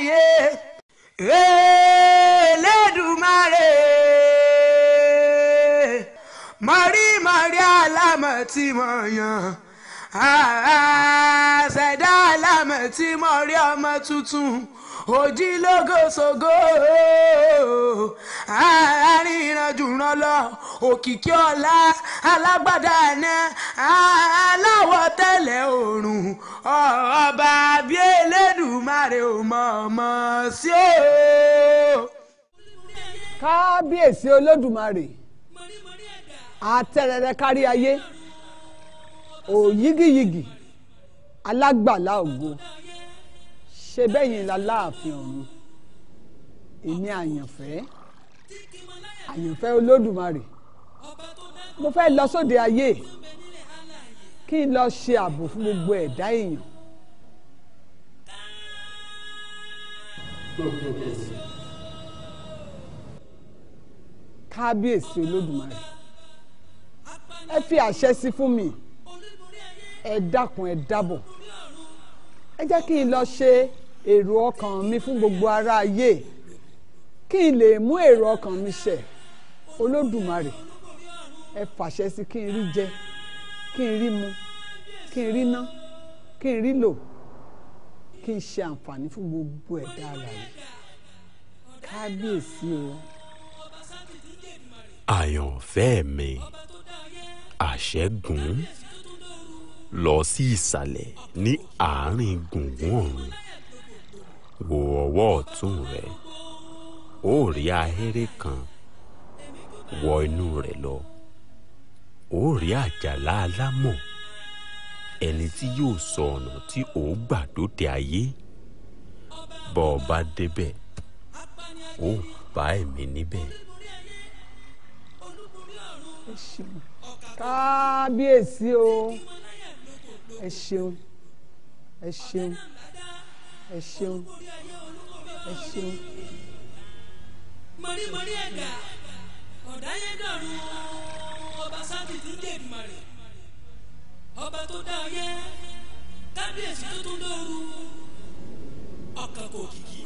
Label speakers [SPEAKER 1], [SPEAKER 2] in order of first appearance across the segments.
[SPEAKER 1] láyé
[SPEAKER 2] Elédùmarè mọ̀rí mọ̀rí àlámọ̀ tí mo yàn
[SPEAKER 1] àṣẹ̀dá àlámọ̀ tí mo rí ọmọ tuntun òjìlógo ṣògo àárín ìrànjú ràn lọ òkìkí ọlá alágbádá àná aláwọ̀ tẹ́lẹ̀ òòrùn ọba bí elédùmarè ò mọ̀ ọmọ
[SPEAKER 3] sí o. kábíyèsí olódùmarè àtẹrẹrẹ kárí ayé òyígíyigì alágbàlá ògo ṣe bẹ́yìn láláàfin ọ̀run èmi àyànfẹ́ àyànfẹ́ olódùmarè mo fẹ́ lọ sóde ayé kí n lọ ṣe ààbò fún gbogbo ẹ̀dá èèyàn. kábíyèsí olódùmarè ẹ fi àṣẹ sí fún mi ẹ dákun ẹ dábọ̀ ẹ jẹ́ kí n lọ ṣe èrò ọkàn mi fún gbogbo ará ayé kí n lè mú èrò ọkàn mi ṣẹ olódùmarè ẹ fàṣẹ sí kí n rí jẹ kí n rí mu kí n rí ná kí n rí lò kí n ṣe àǹfààní fún gbogbo ẹ̀dá alààyè kábíyèsí o.
[SPEAKER 4] àyànfẹ́ mi àṣẹ́gun lọ sí ìsàlẹ̀ ní àárín gbùngbùn ọ̀run wo ọwọ́ ọ̀tún rẹ ó rí ahéré kan wọ inú rẹ lọ ó rí àjàlá alámọ̀ ẹni tí yóò sọ ọ̀nà tí ó gbà dóde ayé bọ́ ọ bá débẹ̀ ó bá ẹ̀mí níbẹ̀.
[SPEAKER 3] kábíyèsí o ẹ ṣeun ẹ ṣeun ẹ ṣeun
[SPEAKER 5] ẹ ṣeun. mọ̀rímọ̀rí ẹ̀dá ọ̀dáyédọ̀rùn ọba sábìtì dèmàrè ọba tó dá ayé kábíyèsí tó tún dóoru ọ̀kàn kò kìkì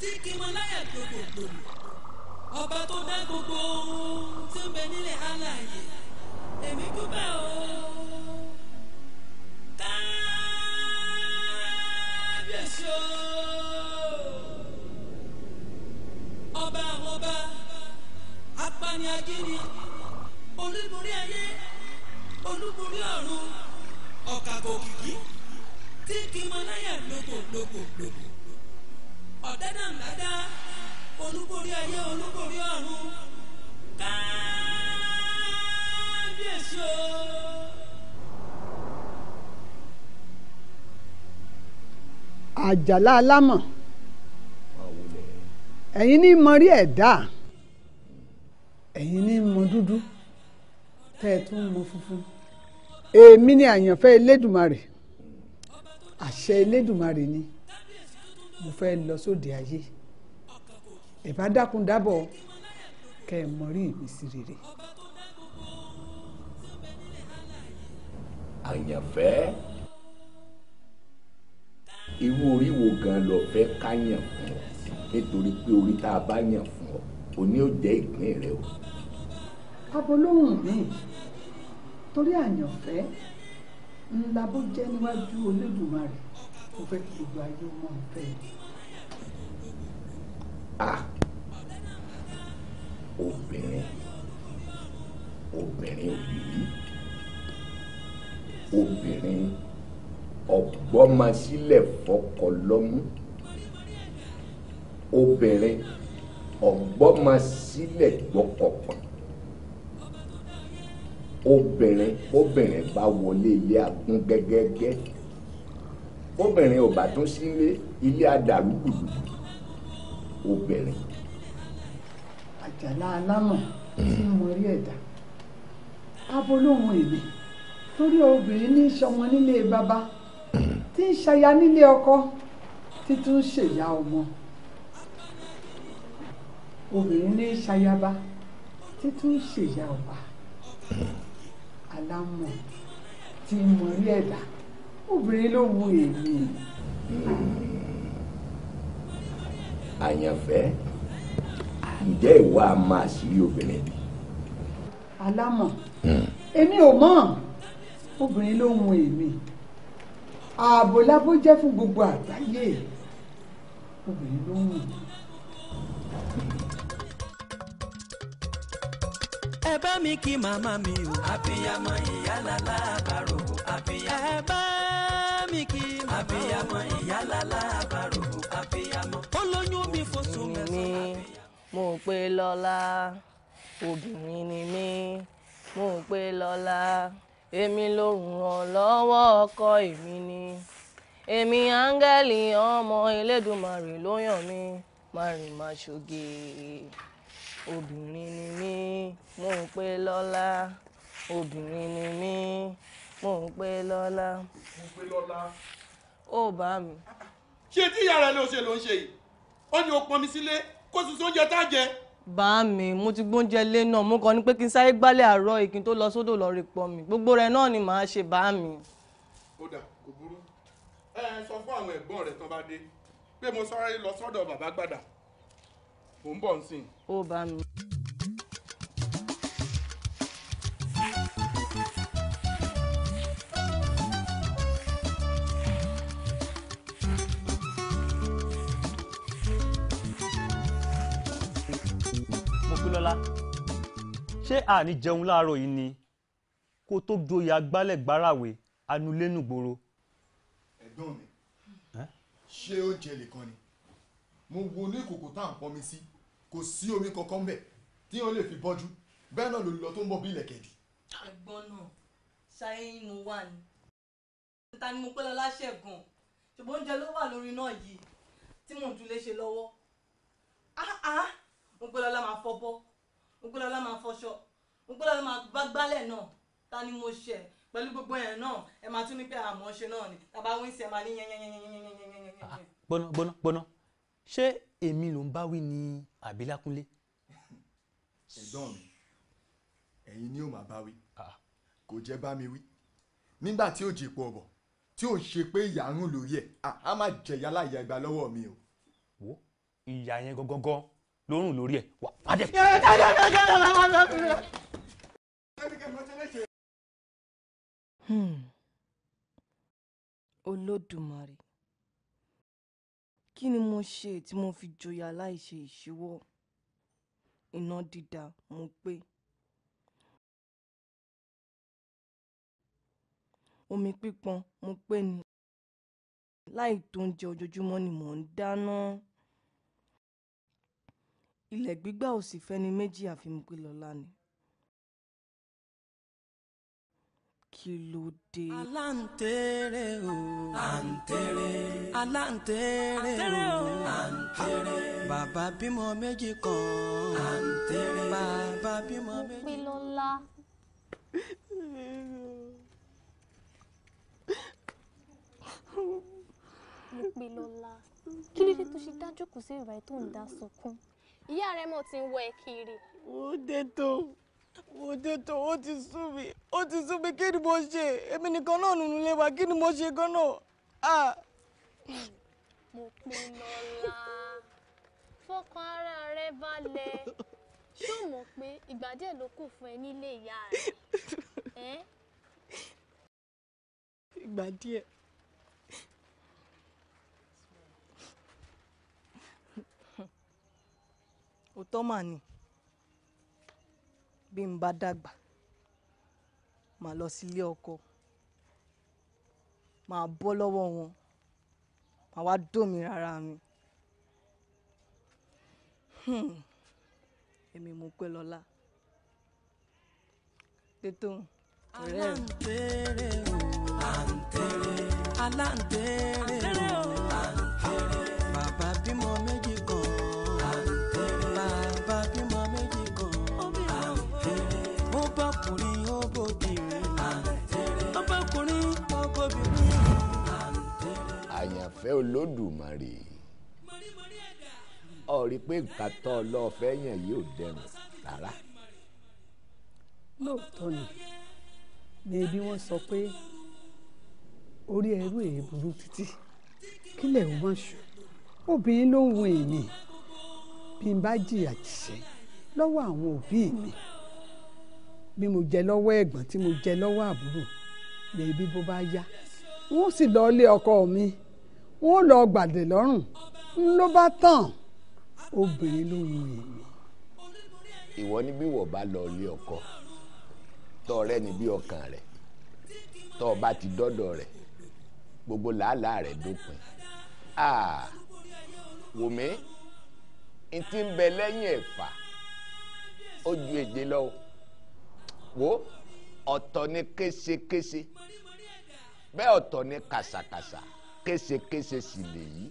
[SPEAKER 5] tí kì í mọ láyà gbogbogbò ọba tó dá gbogbo ohun tí ń bẹ nílẹ̀ alààyè èmi dúpẹ́ o. kábíyèsí o ọba àwọn ọba apani agiri olúborí ayé olúborí ọ̀run ọ̀kàkọ̀ òkìkí tí kì í mọ láyà lóko lóko lóko ọ̀dádà ńláda olúborí ayé olúborí ọ̀run kábíyèsí o.
[SPEAKER 3] àjàlá alámọ̀ ẹ̀yin ní mọ rí ẹ̀dá ẹ̀yin ní mọ dúdú tẹ́ ẹ tún mọ funfun èmi ni àyànfẹ́ elédùmarè àṣẹ elédùmarè ni mo fẹ́ lọ sóde ayé ẹ bá dákun dábọ̀ kẹ́ ẹ mọ rí ìmísí rere.
[SPEAKER 6] àyànfẹ́ irú orí wo gan ló fẹ́ ká yàn fún ọ nítorí pé orí tá a bá yàn fún ọ òní ò jẹ́ ìpín rẹ o.
[SPEAKER 3] abolóhùn mi torí àyànfẹ́ ńlá bó jẹ́ níwájú Olódùmarè mo fẹ́ kí gbogbo ayé mọ̀ fẹ́. a
[SPEAKER 6] obìnrin obìnrin òbí obìnrin ọ̀gbọ́masílẹ̀ fọkọ lọ́mú obìnrin ọ̀gbọ́masílẹ̀ gbọ́kọ̀pọ̀n obìnrin obìnrin bá wọlé ilé agún gẹ́gẹ́gẹ́ obìnrin ò bá tún sílé ilé adàrú gbùgbùgbù obìnrin.
[SPEAKER 3] àjàlá alámọ̀ hmm. tí mo rí ẹ̀dá abolóhùn èmi torí obìnrin ní í ṣọmọ nílé bàbá tí ń ṣaya nílé ọkọ títún ṣèyá ọmọ obìnrin ní ṣayaba títún ṣèyá ọba alámọ̀ tí mo rí ẹ̀dá
[SPEAKER 6] obìnrin ló wu èmi. àyànfẹ́ ǹjẹ́ ìwọ a máa ṣírí obìnrin bí.
[SPEAKER 3] alámọ̀ hmm. èmi ò mọ̀ obìnrin ló wu èmi. Mm ààbò lábó jẹ́ fún gbogbo àgbáyé obìnrin ló ń wù.
[SPEAKER 5] ẹ bá mi kí màmá mi o. àbíyamọ ìyálàlá àbárò àbíyamọ. ẹ bá mi kí màmá o. àbíyamọ ìyálàlá àbárò àbíyamọ. olóyún
[SPEAKER 7] mi fosù mẹ́sàn-án àbíyamọ. mo pe lọ́lá obìnrin ni mí mo pe lọ́lá èmi ló ràn lọ́wọ́ ọkọ èmi ni èmi áńgẹ́lì ọmọ Elédùmarè ló yàn mí márìnmá ṣoge obìnrin ni mí mò ń pé lọ́lá obìnrin ni mí mò ń pé lọ́lá.
[SPEAKER 8] mo ń pé lọ́lá. ó bá mi. ṣé tí ìyá rẹ ló ṣe ló ń ṣe yìí
[SPEAKER 5] ó ní o pọnmi sílé kó sì sóúnjẹ tá a jẹ bá mi mo ti gbóúnjẹ lé náà mo kàn ní pé kí n sáré gbálẹ̀ àárọ̀ ìkín tó lọ sódò lọ rè pọ̀ mi gbogbo rẹ̀ náà ni màá ṣe bá mi. ó
[SPEAKER 8] dà kò burú ẹ ẹ sọ fún àwọn ẹ̀gbọ́n rẹ̀ tán bá dé pé mo sáré lọ sọ́dọ̀ bàbá gbàdà mò ń bọ̀ nsìn.
[SPEAKER 1] ó bá mi.
[SPEAKER 2] ṣé
[SPEAKER 9] àní jẹun láàárọ̀ yìí ni kó tó joyè agbálẹ̀ gbárawé anulẹ́nugboro.
[SPEAKER 6] ẹ̀gbọ́n mi ṣé oúnjẹ nìkan ni mo wo ní ìkòkò tá à ń pọnmi sí kò sí omi kankan bẹ̀ tí wọ́n lè fi bọ́jú bẹ́ẹ̀ náà lòlùlọ tó ń bọ̀ bí ilẹ̀kẹ̀dì.
[SPEAKER 7] ẹ̀gbọ́n náà ṣayé inú wa ni ta ni mo pẹ́ lọ láṣẹ̀gùn ṣùgbọ́n oúnjẹ ló wà lórí náà yìí tí mò ń tún ṣe lọ́wọ́
[SPEAKER 1] mo pẹ́ lọ́la máa fọ bọ́ mo pẹ́ lọ́la máa fọṣọ
[SPEAKER 7] gbogbo lọ́nà máa bá gbálẹ̀ náà ta ni mo ṣe pẹ̀lú gbogbo yẹn náà ẹ máa tún ní pé àmọ́ ṣe náà ni tàbá wí sí ẹ máa ní yẹnyẹnyẹnyẹnyẹnyẹnyẹnyẹnyẹn.
[SPEAKER 10] gbọ́nà gbọ́nà gbọ́nà ṣé èmi ló ń bá wí ni àbílákúnlé.
[SPEAKER 6] ẹ̀gbọ́n mi ẹ̀yin ni ó máa bá wí kò jẹ́ bá mi wí nígbà tí ó jì pọ̀ bọ̀ tí ò ṣe pé ìyá ń rún lórí ẹ̀ á má jẹ̀yà láyà ìgbà wo
[SPEAKER 4] ìyá yẹn gangan ló ń rún lórí
[SPEAKER 9] Hmm.
[SPEAKER 1] olódùmarè kí ni mo ṣe tí mo fi jọyà láìṣe ìṣíwọ́ iná dídá mo pé omi pípọn mo pé ni láì tó oúnjẹ ojoojúmọ́ ni mò ń dáná ilẹ̀ gbígbà ò sì fẹ́ni méjì àfi Mopelola ni
[SPEAKER 5] kí ló dé. aláǹtẹ̀rẹ̀ o. àǹtẹ̀rẹ̀. aláǹtẹ̀rẹ̀ o. àǹtẹ̀rẹ̀. bàbá bímọ méjì kan. àǹtẹ̀rẹ̀. bàbá
[SPEAKER 7] bímọ méjì. mo pín lọ́la. mo pín lọ́la. kí ló dé tó ṣe dájú kù sí ìbàyí tó ń dá sunkún. ìyá rẹ mo ti ń wọ ẹ kiri. ó dé tó
[SPEAKER 11] wo dẹ́tọ̀ ó ti sú mi ó ti sú mi kí ni mo ṣe èmi nìkan náà nínú ilé wa kí ni mo
[SPEAKER 7] ṣe gan náà. mo pinnu ọ̀la fọkàn ara rẹ balẹ̀ ṣó mọ̀ pé ìgbà díẹ̀ ló kù fún ẹ nílé ìyá rẹ.
[SPEAKER 3] ìgbà díẹ̀.
[SPEAKER 1] òótọ́ mà ni bí mo bá dàgbà, màá lọ sí ọkọ, màá bọ́ lọ́wọ́ wọn, màá wá d'òmìnira ara mi. Hmm, èmi Mopelola.
[SPEAKER 5] Tétóun,
[SPEAKER 2] ọ̀rẹ́ mi. Àǹtẹ̀rẹ̀
[SPEAKER 5] o, àǹtẹ̀rẹ̀, aláǹtẹ̀rẹ̀ bàbá bímọ méjì. bọ́kùnrin ó bóbìnrin tó bọ́kùnrin ó bóbìnrin.
[SPEAKER 6] àyànfẹ́ olódùmarè ó rí pé nǹkan tọ́ ọlọ́ọ̀fẹ́ yẹn yóò dẹrùn rárá.
[SPEAKER 3] lóòótọ́ ni bèbí wọ́n sọ pé orí ẹrú èyí burú títí kílẹ̀ ò mọ̀ ṣù obìnrin ló ń wo èmi bí n bá jìyà jìṣẹ́ lọ́wọ́ àwọn òbí mi. Mm bí mo jẹ lọ́wọ́ ẹ̀gbọ́n tí mo jẹ lọ́wọ́ àbúrò lèbi bó bá yá wọ́n sì lọ ilé ọkọ mi wọ́n lọ gbàdé lọ́rùn ń ló bá tàn obìnrin ló wù
[SPEAKER 6] èmi. ìwọ ni bí wọ́n bá lọ ilé ọkọ tọ́ ọ̀rẹ́ ni bí ọkàn rẹ̀ tọ́ ọba ti dọ́dọ̀ rẹ̀ gbogbo làálàá rẹ̀ dópin wòmí ntí ń bẹ lẹ́yìn ẹ̀fà ó ju èje lọ́wọ́ wo ọ̀tọ̀ ni késekése bẹ́ẹ̀ ọ̀tọ̀ ni kàsàkàsà késekése sì lèyí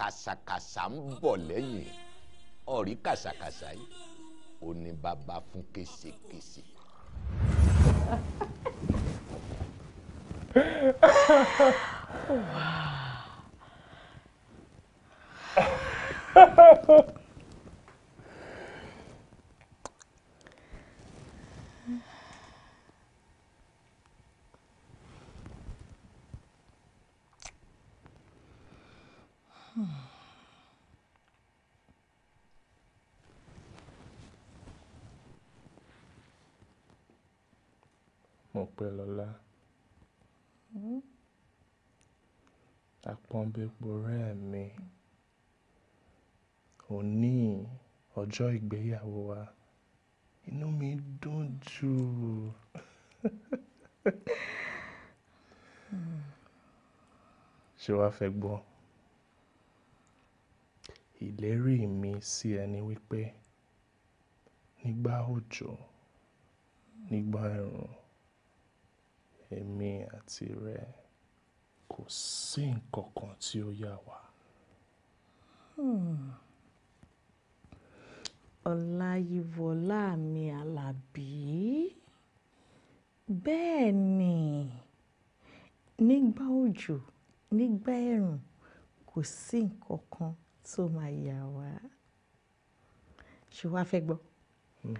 [SPEAKER 6] kàsàkàsà ń bọ̀ lẹ́yìn ọ̀rí kàsàkàsà yìí ó ní baba fún késekése.
[SPEAKER 2] wow.
[SPEAKER 4] Mopẹ́lọ́lá. Àpọ́nbépo hmm? ọ̀rẹ́ mi, òní ọjọ́ ìgbéyàwó wa,
[SPEAKER 11] inú mi dùn
[SPEAKER 2] jù.
[SPEAKER 4] Ṣé wàá fẹ́ gbọ́? Ìlérí mi sí ẹ ni wípé nígbà òjò, nígbà ẹ̀rùn èmi àti rẹ kò sí nǹkan kan tí ó yà wá.
[SPEAKER 2] Hmm.
[SPEAKER 7] Ọláyíwọlá mi Àlàbí. Bẹ́ẹ̀ ni, nígbà òjò, nígbà ẹ̀rùn kò sí nǹkan kan tó máa yà wá. Ṣé wàá fẹ́ gbọ́? Hmm.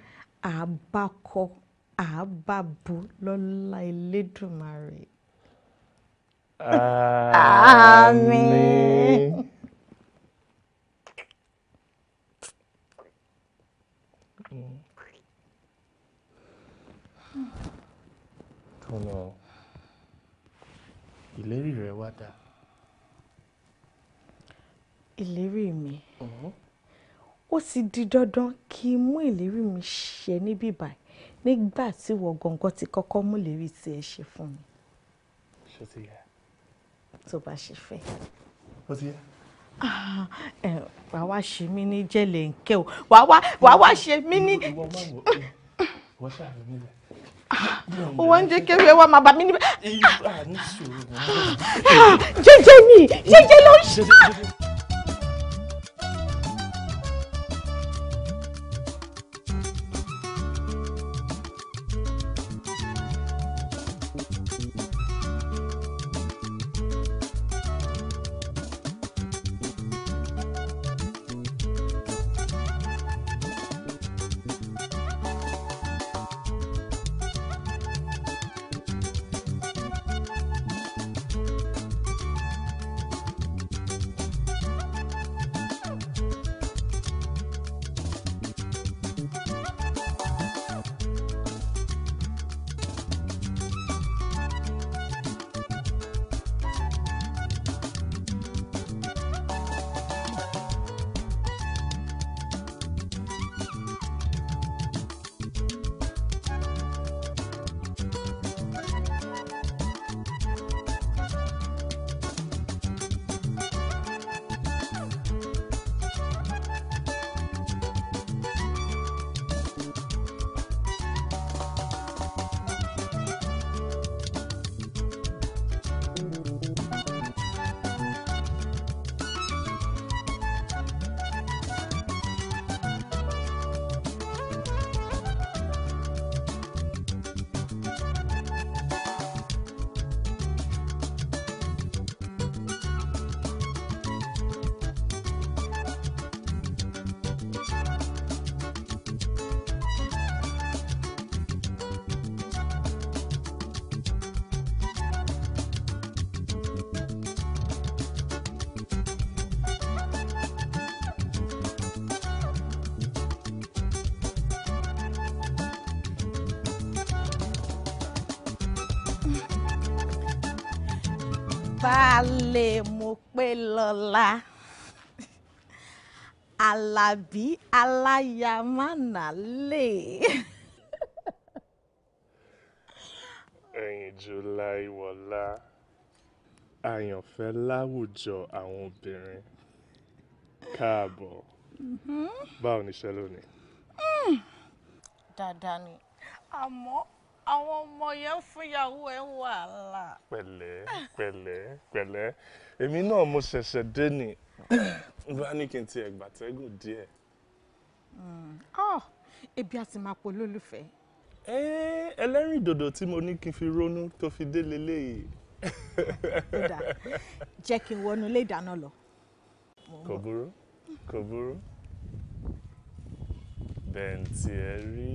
[SPEAKER 7] Àbákọ àbàbò lọ́lá Elédùmarè. àmín.
[SPEAKER 4] tọ́nà ìlérí rẹ wá dà.
[SPEAKER 7] ìlérí mi mm-hmm. ó ti di dandan kí n mú ìlérí mi ṣẹ níbí báyìí nígbà tí wọ́n gangan ti kọ́kọ́ mú lérí tí ẹ ṣe fún mi. ṣó ti yẹ. tó bá ṣe fẹ́.
[SPEAKER 4] ó ti yẹ.
[SPEAKER 2] Ah,
[SPEAKER 7] eh, wà á wá ṣe mí ní jẹ́lẹ̀ ńkẹ́ o wà á wá ṣe mí ní. wọ́n ṣàlùmí nílẹ̀ o wa ń jẹ kí ẹ wá máa bà mí níbẹ̀.
[SPEAKER 2] Ah, jẹ́jẹ́ mi jẹ́jẹ́ ló ń ṣá.
[SPEAKER 7] àbí aláyamánálè.
[SPEAKER 4] ẹ̀yìnjú láìwọlá àyànfẹ́ láwùjọ àwọn obìnrin káàbọ̀ báwo ni iṣẹ́ lónìí.
[SPEAKER 7] Hmm. dáadáa ni àmọ́ àwọn ọmọ yẹn fúnyàwó ẹ wàhálà.
[SPEAKER 4] pẹ̀lẹ́ pẹ̀lẹ́ pẹ̀lẹ́ èmi náà mo ṣẹ̀ṣẹ̀ dé ni bá ní kí n ti ẹ̀gbà tẹ́gùn díẹ̀.
[SPEAKER 7] ọ hmm. oh, ebi a ti máa pọ̀ lólùfẹ́. ẹlẹ́rìn dòdò tí mo ní kí n fi ronú tó fi dé leléyìí. kódà jẹ́ kí n wọnú ilé ìdáná lọ.
[SPEAKER 4] kò burú kò burú bẹ́ẹ̀ ń tiẹ̀ rí.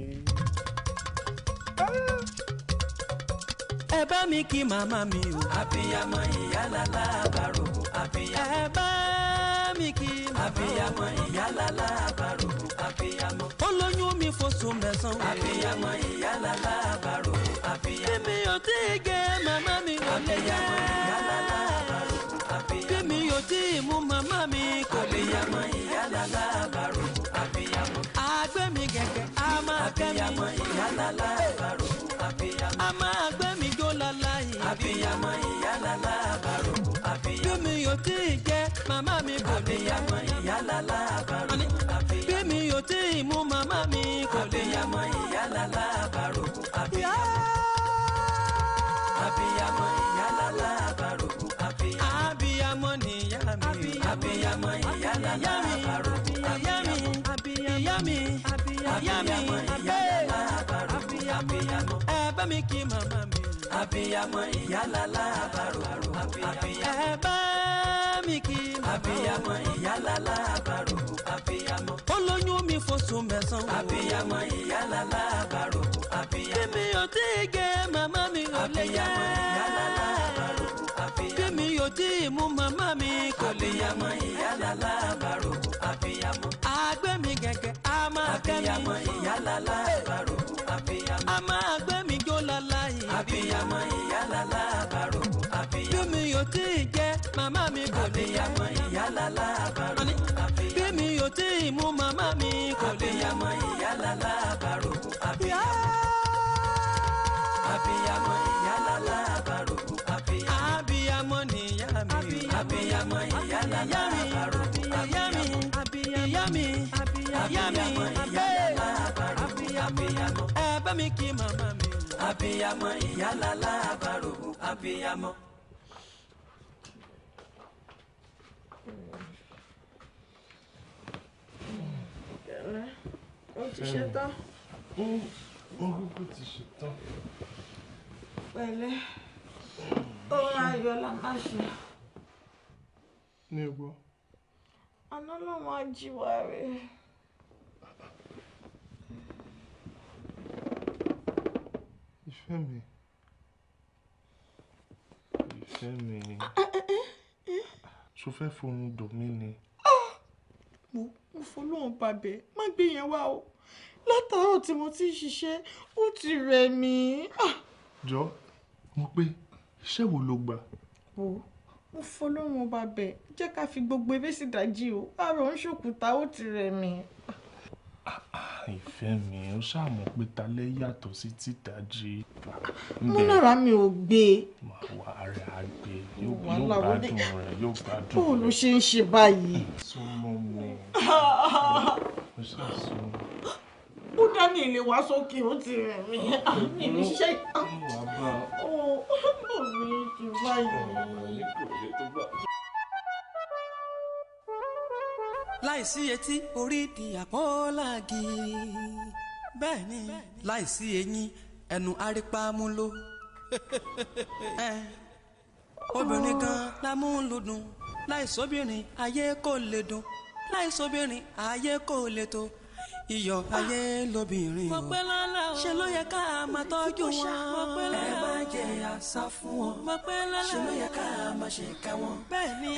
[SPEAKER 5] ẹ bá mi kí màmá mi o. àbíyamọ ìyá làlábàrò àbíyamọ mi kì í mọ̀. àbíyamọ ìyálàlá àbárò àbíyamọ. olóyún mi fosùn mẹ́sàn-án. àbíyamọ ìyálàlá àbárò àbíyamọ. bí mi ò tí ì gẹ màmá mi kò lè yá. àbíyamọ ìyálàlá àbárò àbíyamọ. bí mi ò tí ì mú màmá mi kò lè yá. àbíyamọ ìyálàlá àbárò àbíyamọ. àgbẹ̀ mi gẹ̀gẹ̀ a máa kẹ́ mi. àbíyamọ àbárò. màmá mi bò ní. àbíyamọ ìyálálá àbárò àbíyamọ. bí mi ò tí ì mú màmá mi kò ní. àbíyamọ ìyálálá àbárò àbíyamọ. àbíyamọ ìyálálá àbárò àbíyamọ. àbíyamọ nìyá mi. àbíyamọ ìyálálá àbárò àbíyamọ. ìyá mi ìyá mi ìyálálá àbárò àbíyamọ. ẹ bá mi kí màmá mi. àbíyamọ ìyálálá àbárò àbíyamọ. ẹ bá abiyamọ ìyálálá àbárò abiyamọ. olóyún mi fosùn mẹ́sàn-án. abiyamọ ìyálálá àbárò abiyamọ. kíni o ti gé màmá mi ò lè yá. abiyamọ ìyálálá àbárò abiyamọ. kíni o ti mú màmá mi kò lè yá. abiyamọ ìyálálá àbárò abiyamọ. àgbẹ̀ mi gẹ̀gẹ̀ a máa kẹ́ mi. abiyamọ ìyálálá àbárò. abiyamọ ìyálálá àbárò abiyamọ.
[SPEAKER 2] ó ti ṣe tán. ó kúkú ti ṣe tán.
[SPEAKER 7] pẹ̀lẹ́ ohun ayọ̀ la máa ṣe. ní egbò. àná ló máa jí wa rèé.
[SPEAKER 11] ìfẹ́ mi. Ìfẹ́
[SPEAKER 8] mi.
[SPEAKER 7] Ṣo fẹ́ forun dùn mí ni?
[SPEAKER 2] Mo
[SPEAKER 8] mo fọlọ́run bàbẹ̀ má gbé yẹn wá o. Látàárọ̀ tí mo ti ń ṣiṣẹ́, ó
[SPEAKER 7] ti rẹ̀ mí.
[SPEAKER 11] Jọ, mo pé iṣẹ́ wo lo gbà?
[SPEAKER 7] Wo, mo fọlọ́run bàbẹ̀ jẹ́ ká fi gbogbo ewé sí ìdájí o. Àrò ń ṣòkúta ti rẹ̀ mí
[SPEAKER 4] ìfẹ́ mi ó ṣàmọ̀ pé talẹ́ yàtọ̀ sí títají. mo lára mi ò gbé. màá wà rẹ̀ á gbé yóò gbádùn rẹ̀ yóò gbádùn
[SPEAKER 2] rẹ̀.
[SPEAKER 3] bóòlù ṣe ń ṣe báyìí.
[SPEAKER 2] súnmọ́ mi ó ṣàṣùnmọ́.
[SPEAKER 8] ó dá mi ìlè wá sókè ó ti rẹ̀ mí
[SPEAKER 5] àmì mi ṣe. ó bò mí jù báyìí láìsí etí orí di àpọ́ọ́láàgì bẹ́ẹ̀ ni láìsí eyín ẹnu arípámúlò obìnrin kan lámúlùdùn láìsóbìnrin ayé kò lè dùn láìsóbìnrin ayé kò lè tó iyọ̀ ayé lóbìnrin o ṣe ló yẹ ká máa tọ́jú wọn ẹ má jẹ àṣà fún wọn ṣe ló yẹ ká máa ṣe ká wọn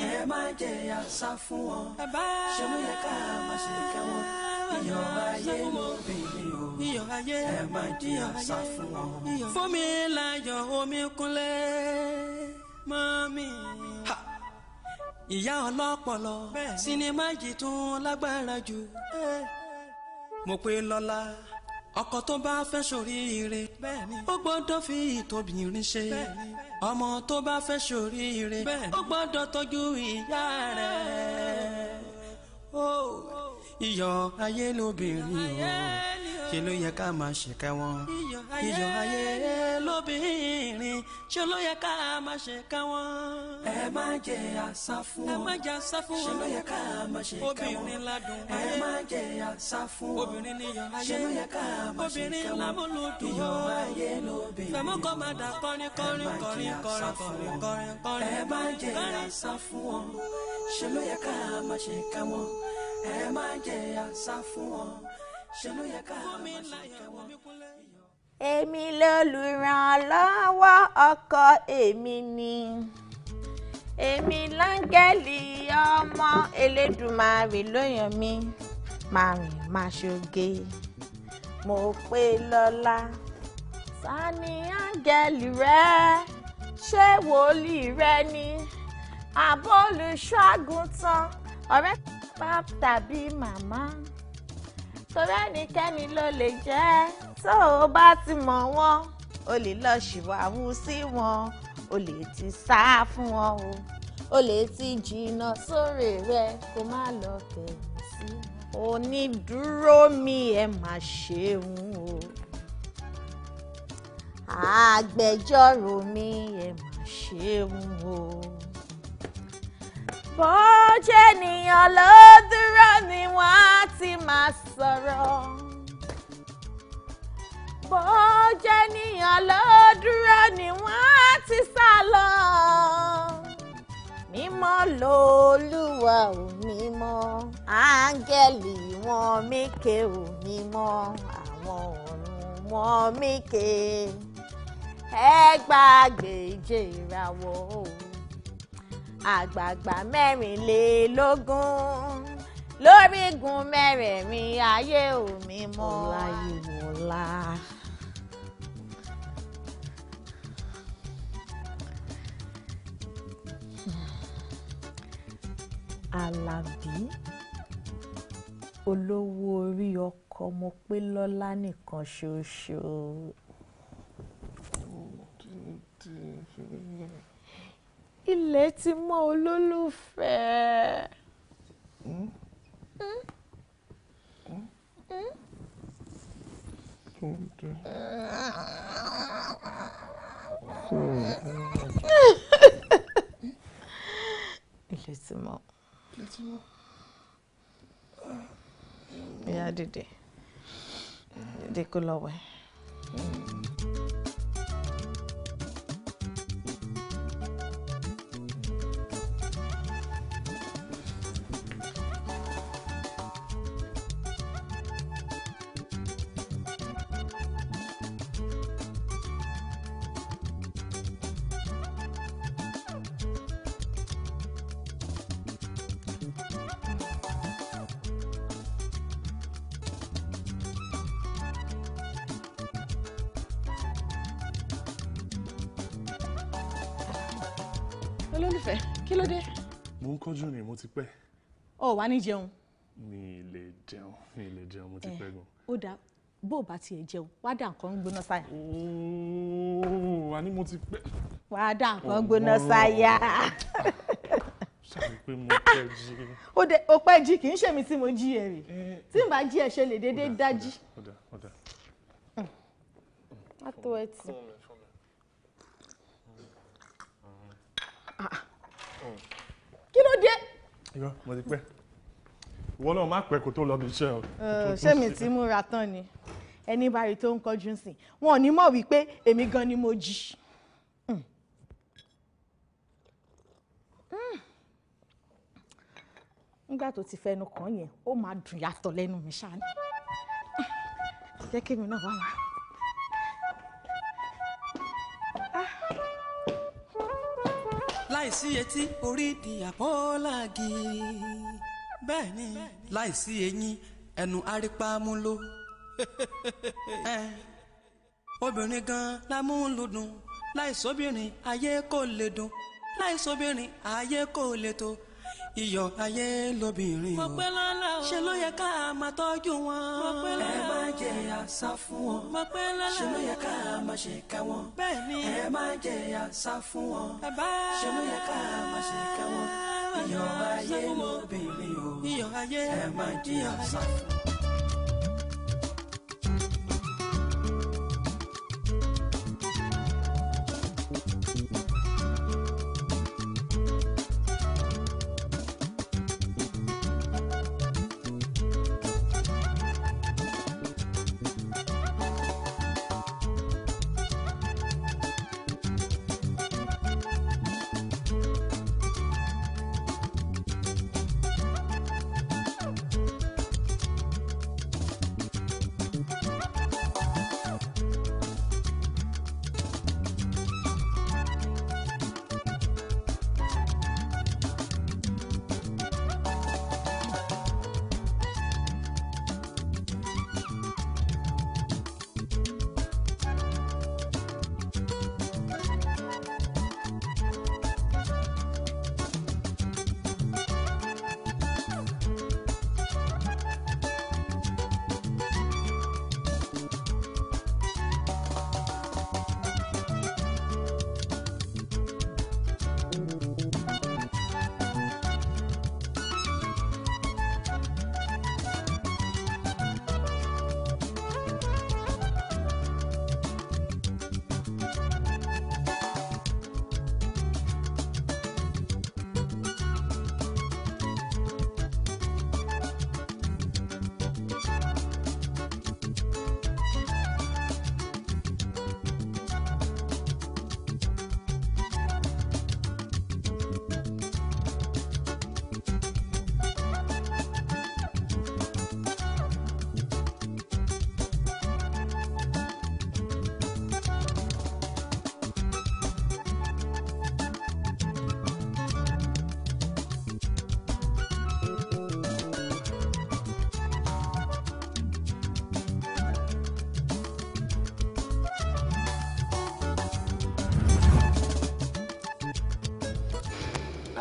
[SPEAKER 5] ẹ má jẹ àṣà fún wọn ṣe ló yẹ ká máa ṣe ká wọn iyọ̀ ayé lóbìnrin o ẹ má jẹ àṣà fún wọn. fún mi láyọ̀ omi kúnlẹ̀ mọ́mí ìyá ọlọ́pọlọ sinimá yìí tún lágbára jù. Eh mo pé lọ́lá ọkọ tó bá fẹ́ ṣoríire ó gbọ́dọ̀ fi ìtòbìnrin ṣe ọmọ tó bá fẹ́ ṣoríire ó gbọ́dọ̀ tọ́jú ìyá rẹ̀ iyọ̀ ayé lóbìnrin o ṣe ló yẹ ká máa ṣèkẹ́ wọn iyọ̀ ayé lóbìnrin ṣe ló yẹ ká máa ṣèkẹ́ wọn. ẹ má jẹ àṣà fún wọn ẹ má jẹ àṣà fún wọn ṣe ló yẹ ká máa ṣèkẹ́ wọn obìnrin ládùn ẹ má jẹ àṣà fún wọn obìnrin níyọ̀ ayé ṣe ló yẹ ká máa ṣèkẹ́ wọn obìnrin lámúlùdùn iyọ̀ ayé lóbìnrin fẹmú kọ máa dà kọrin kọrin kọrin kọrin kọrin kọrin kọrin ẹ má jẹ àṣà fún wọn ṣe ló yẹ ká máa ṣèkẹ́ wọn ẹ má
[SPEAKER 7] jẹ jẹ́ àṣà fún ọ
[SPEAKER 5] ṣe ló yẹ ká máa ṣe kẹwọn.
[SPEAKER 7] èmi lolùrànlọ́wọ́ ọkọ èmi ni èmi láńgẹ́lì ọmọ Elédùmarè ló yàn mí máa mo pé lọ́lá sani áńgẹ́lì rẹ ṣé wòlíì rẹ ni àbólùṣọ́ àgùntàn ọ̀rẹ́ pap tàbí màmá torí ẹnikẹ́ni ló lè jẹ́ tó o bá ti mọ̀ wọ́n o lè lọ ṣìwàwù sí wọn o lè ti sá fún wọn o o lè ti jìnnà sórí rẹ kó má lọ tẹ̀ sí onídùúró mi ẹ má ṣeun o agbẹjọ́rò mi ẹ má ṣeun o bójú ènìyàn ló dúró ni wọ́n á ti máa sọ̀rọ̀. bójú ènìyàn ló dúró ni wọ́n á ti sá lọ. mímọ́ lolúwa ò mímọ́ áńgẹ́lì wọn míke ò mímọ́ àwọn ọ̀run wọn míke ẹ gbàgbé ìjẹ́ ìràwọ̀ o àgbààgbà mẹ́rìnlélógún lórígun mẹ́rẹ̀ẹ̀rin ayé òmí mọ́. ọláyíwọlá. alábí olówó orí ọkọ mo pé lọ́lá nìkan ṣoṣo. Mm-hmm ilẹ̀ ti mọ́ olólùfẹ́. Hmm? ilẹ̀ ti mọ́. ìyá dìde dìde kó lọ wẹ̀. Mm. mo ti pẹ́. ọ wá ní jẹun.
[SPEAKER 4] mi ì lè jẹun mi ì lè jẹun mo ti eh, pẹ́ gan.
[SPEAKER 7] ó dáa bó o bá tiẹ̀ jẹun wá dà nǹkan gbóná sáyà. ooo àní mo ti pẹ́. wá dà nǹkan gbóná sáyà. ó dé o pẹ́ jí kì í ṣèmi tí mo jí ẹ rè eh, tí n bá jí ẹ ṣe lè déédéé dájí. ó dáa ó dáa. a tó
[SPEAKER 4] irọ́ mo ti pẹ́ ìwọ náà má pẹ́
[SPEAKER 9] kó tó lọ bí iṣẹ́ o.
[SPEAKER 7] ṣé mi ti múra tán ni ẹni báyìí tó ń kọjú sí wọn ò ní mọ̀ wípé èmi gan ni mo jí. Hmm. Hmm. nígbà tó ti fẹnu kàn yẹn ó máa dùn yàtọ̀ lẹ́nu mi ṣáà ni hmm. jẹ́ kí èmi náà wá wá. láìsí
[SPEAKER 5] etí orí di àpọ́lági bẹ́ẹ̀ ni láìsí eyín ẹnu arípámúlò obìnrin gan la lámúlùdùn láìsóbìnrin ayé kò lè dùn láìsóbìnrin ayé kò lè tó iyọ̀ ayé lóbìnrin o ṣe ló yẹ ká máa tọ́jú wọn. ẹ má jẹ àṣà fún wọn ṣe ló yẹ ká máa ṣe ká wọn. ẹ má jẹ àṣà fún wọn ṣe ló yẹ ká máa ṣe ká wọn. iyọ̀ ayé lóbìnrin o ẹ má jẹ àṣà fún wọn.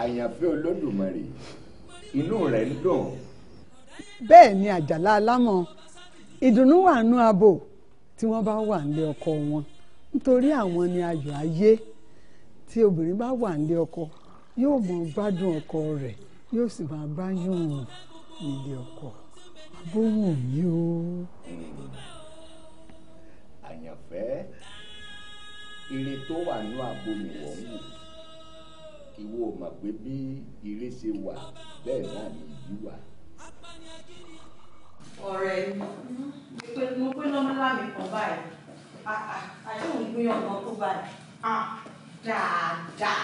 [SPEAKER 6] àyànfẹ́ olódùmarè inú rẹ̀ ń dùn.
[SPEAKER 3] bẹ́ẹ̀ ni àjàlá alámọ̀ ìdùnnú wà nú abo tí wọ́n bá wà nílé ọkọ wọn nítorí àwọn ni ayọ̀ ayé tí obìnrin bá wà nílé ọkọ yóò mọ gbádùn ọkọ rẹ̀ yóò sì máa bá yóò
[SPEAKER 6] rùn nílé ọkọ
[SPEAKER 3] abóhùn mi o.
[SPEAKER 6] àyànfẹ́ ire wà nú abo nìwọ̀n wù ìwọ mọ̀ pé bí ire ṣe wà bẹ́ẹ̀ náà ni ìdí wà.
[SPEAKER 7] ọ̀rẹ́ mo pé lọ́mọlá mi kan báyìí àdéhùn gbìyànjú ọ̀nà tó báyìí dáadáa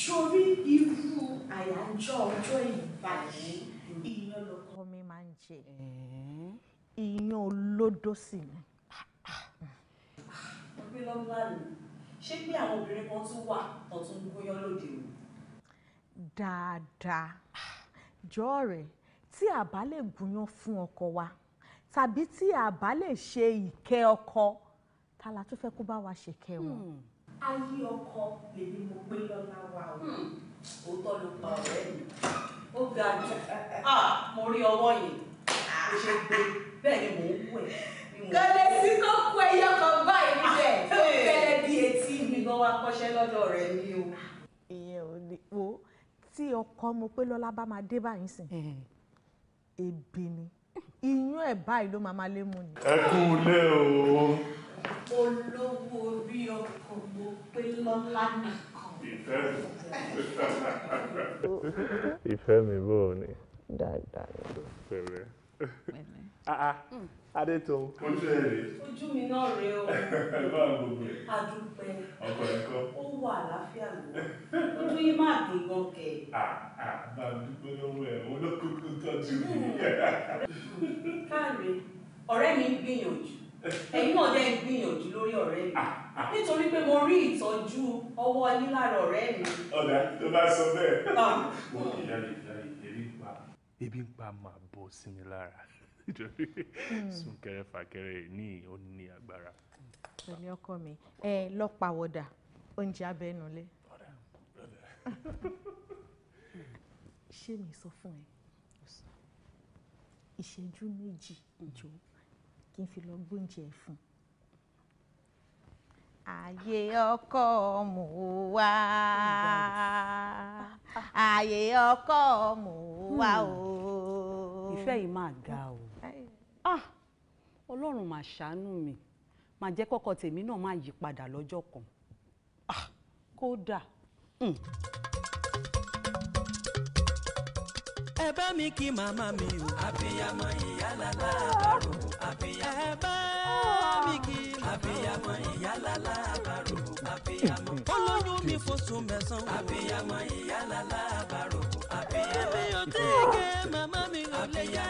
[SPEAKER 7] sórí irú àyájọ́ ọjọ́ ìbàdí ìyẹn lọkọ mi máa ń jẹ ìyẹn olódó sì ni. ọgbẹ́ lọ́mọlá mi ṣé pé àwọn obìnrin kan tún wà tó tún gúnyán lóde òní. dáadáa jọ̀ọ́ rẹ̀ tí a bá lè gúnyán fún ọkọ wa tàbí tí a bá lè ṣe ìkẹ́ ọkọ ta la tún fẹ́ kó bá wa ṣèkẹ́ wọn. Hmm. ayé ọkọ lèmi mo pé lọ́la wa o hmm. òótọ́ ló pa ọ̀rẹ́ mi ó ga jù ah, mo rí ọwọ́ yìí kò ṣe gbé bẹ́ẹ̀ ni mò ń wẹ̀ gẹ́lẹ́ sí kó kú ẹyọ kan báyìí níbẹ̀ ah, tó fẹ́lẹ́ bí etí mi gan wá kọ́ṣẹ́ lọ́dọ̀ rẹ̀ ni o. ìyẹn ò lè wo tí ọkọ mo pé lọ́lá bá máa dé báyìí sìn ebi ni iyún ẹ̀ báyìí ló máa máa lé mu ni.
[SPEAKER 2] ẹ kú lé o.
[SPEAKER 7] olówó orí ọkọ mo pé lọ́lá nìkan.
[SPEAKER 4] ìfẹ́ mi. bò ó dáadáa ni. pẹ̀lẹ́. Ah ah, Adétòun. Ojú ẹ̀ rèé. Ojú mi náà rèé o. Báwo gbogbo ẹ̀? Adúpẹ́. Ọkọ ẹ̀ kọ́. Ó wà àlàáfíà lọ. Ojú yìí máa dùn gan kẹ̀. Bá ah, a ah, dúpẹ́ lọ́wọ́ ẹ̀, òun ló kúkú tọ́jú mi. Káre, ọ̀rẹ́ mi ń gbìyànjú. Ẹ̀yin náà dẹ́ ń gbìyànjú lórí ọ̀rẹ́ mi. Ah,
[SPEAKER 1] Nítorí pé mo rí ìtọ́jú ọwọ́ yín lára ọ̀rẹ́ mi. Ọ̀dà
[SPEAKER 4] tó bá sọ bẹ́ẹ̀. Mo kì í yára ìyá ìyẹ́rí pa. Ebi ń pa màá bọ́ sí mi lára nítorí hmm. súnkẹrẹ fàkẹrẹ ní ó ní agbára.
[SPEAKER 7] èmi ọkọ mi ẹ lọ pàwọ̀dà oúnjẹ abẹnulé. ṣé mi sọ fún ẹ ìṣẹ́jú méjì ìjọ kí n fi lọ gbóúnjẹ fún un ọkọ mò wá ààyè ọkọ mò wá hmm. o ìfẹ́ yìí máa ga o ah ọlọ́run máa ṣàánú mi máa jẹ́
[SPEAKER 1] kọ́kọ́ tèmi náà máa yí padà lọ́jọ́ kan
[SPEAKER 5] ah kódà. Hmm. ẹ mi kí màmá mi o. àbíyamọ ìyá lálá àbárò. Ah! àbíyamọ ah! mi kí màmá. àbíyamọ ìyá lálá olóyún mi fosùn hmm. mẹ́sàn-án. àbíyamọ ìyá lálá tí gẹ màmá mi ò lè yá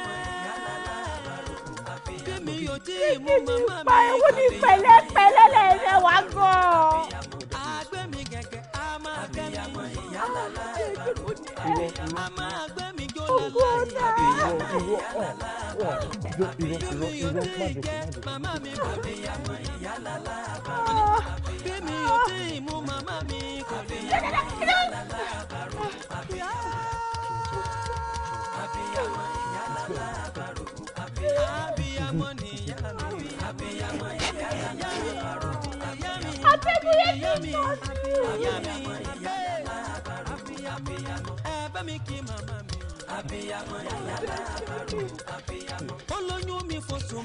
[SPEAKER 5] tèmi ò tí mú màmá mi kò lè yá. pẹ̀lẹ́pẹ̀lẹ́ lè rẹ wá gan. àgbẹ̀ mi gẹ̀gẹ̀ a máa gbẹ̀ mi a máa gbẹ̀ mi jó lọ́la ìwọ ìwọ ìwọ
[SPEAKER 9] ìwọ ìwọ ìwọ má jẹ
[SPEAKER 5] màmá mi kò lè yá tèmi ah. ò tí mú màmá mi kò lè yá. àyà mi àyà mi àbíyamọ ẹ bá mi kí màmá mi. àbíyamọ mi fóṣù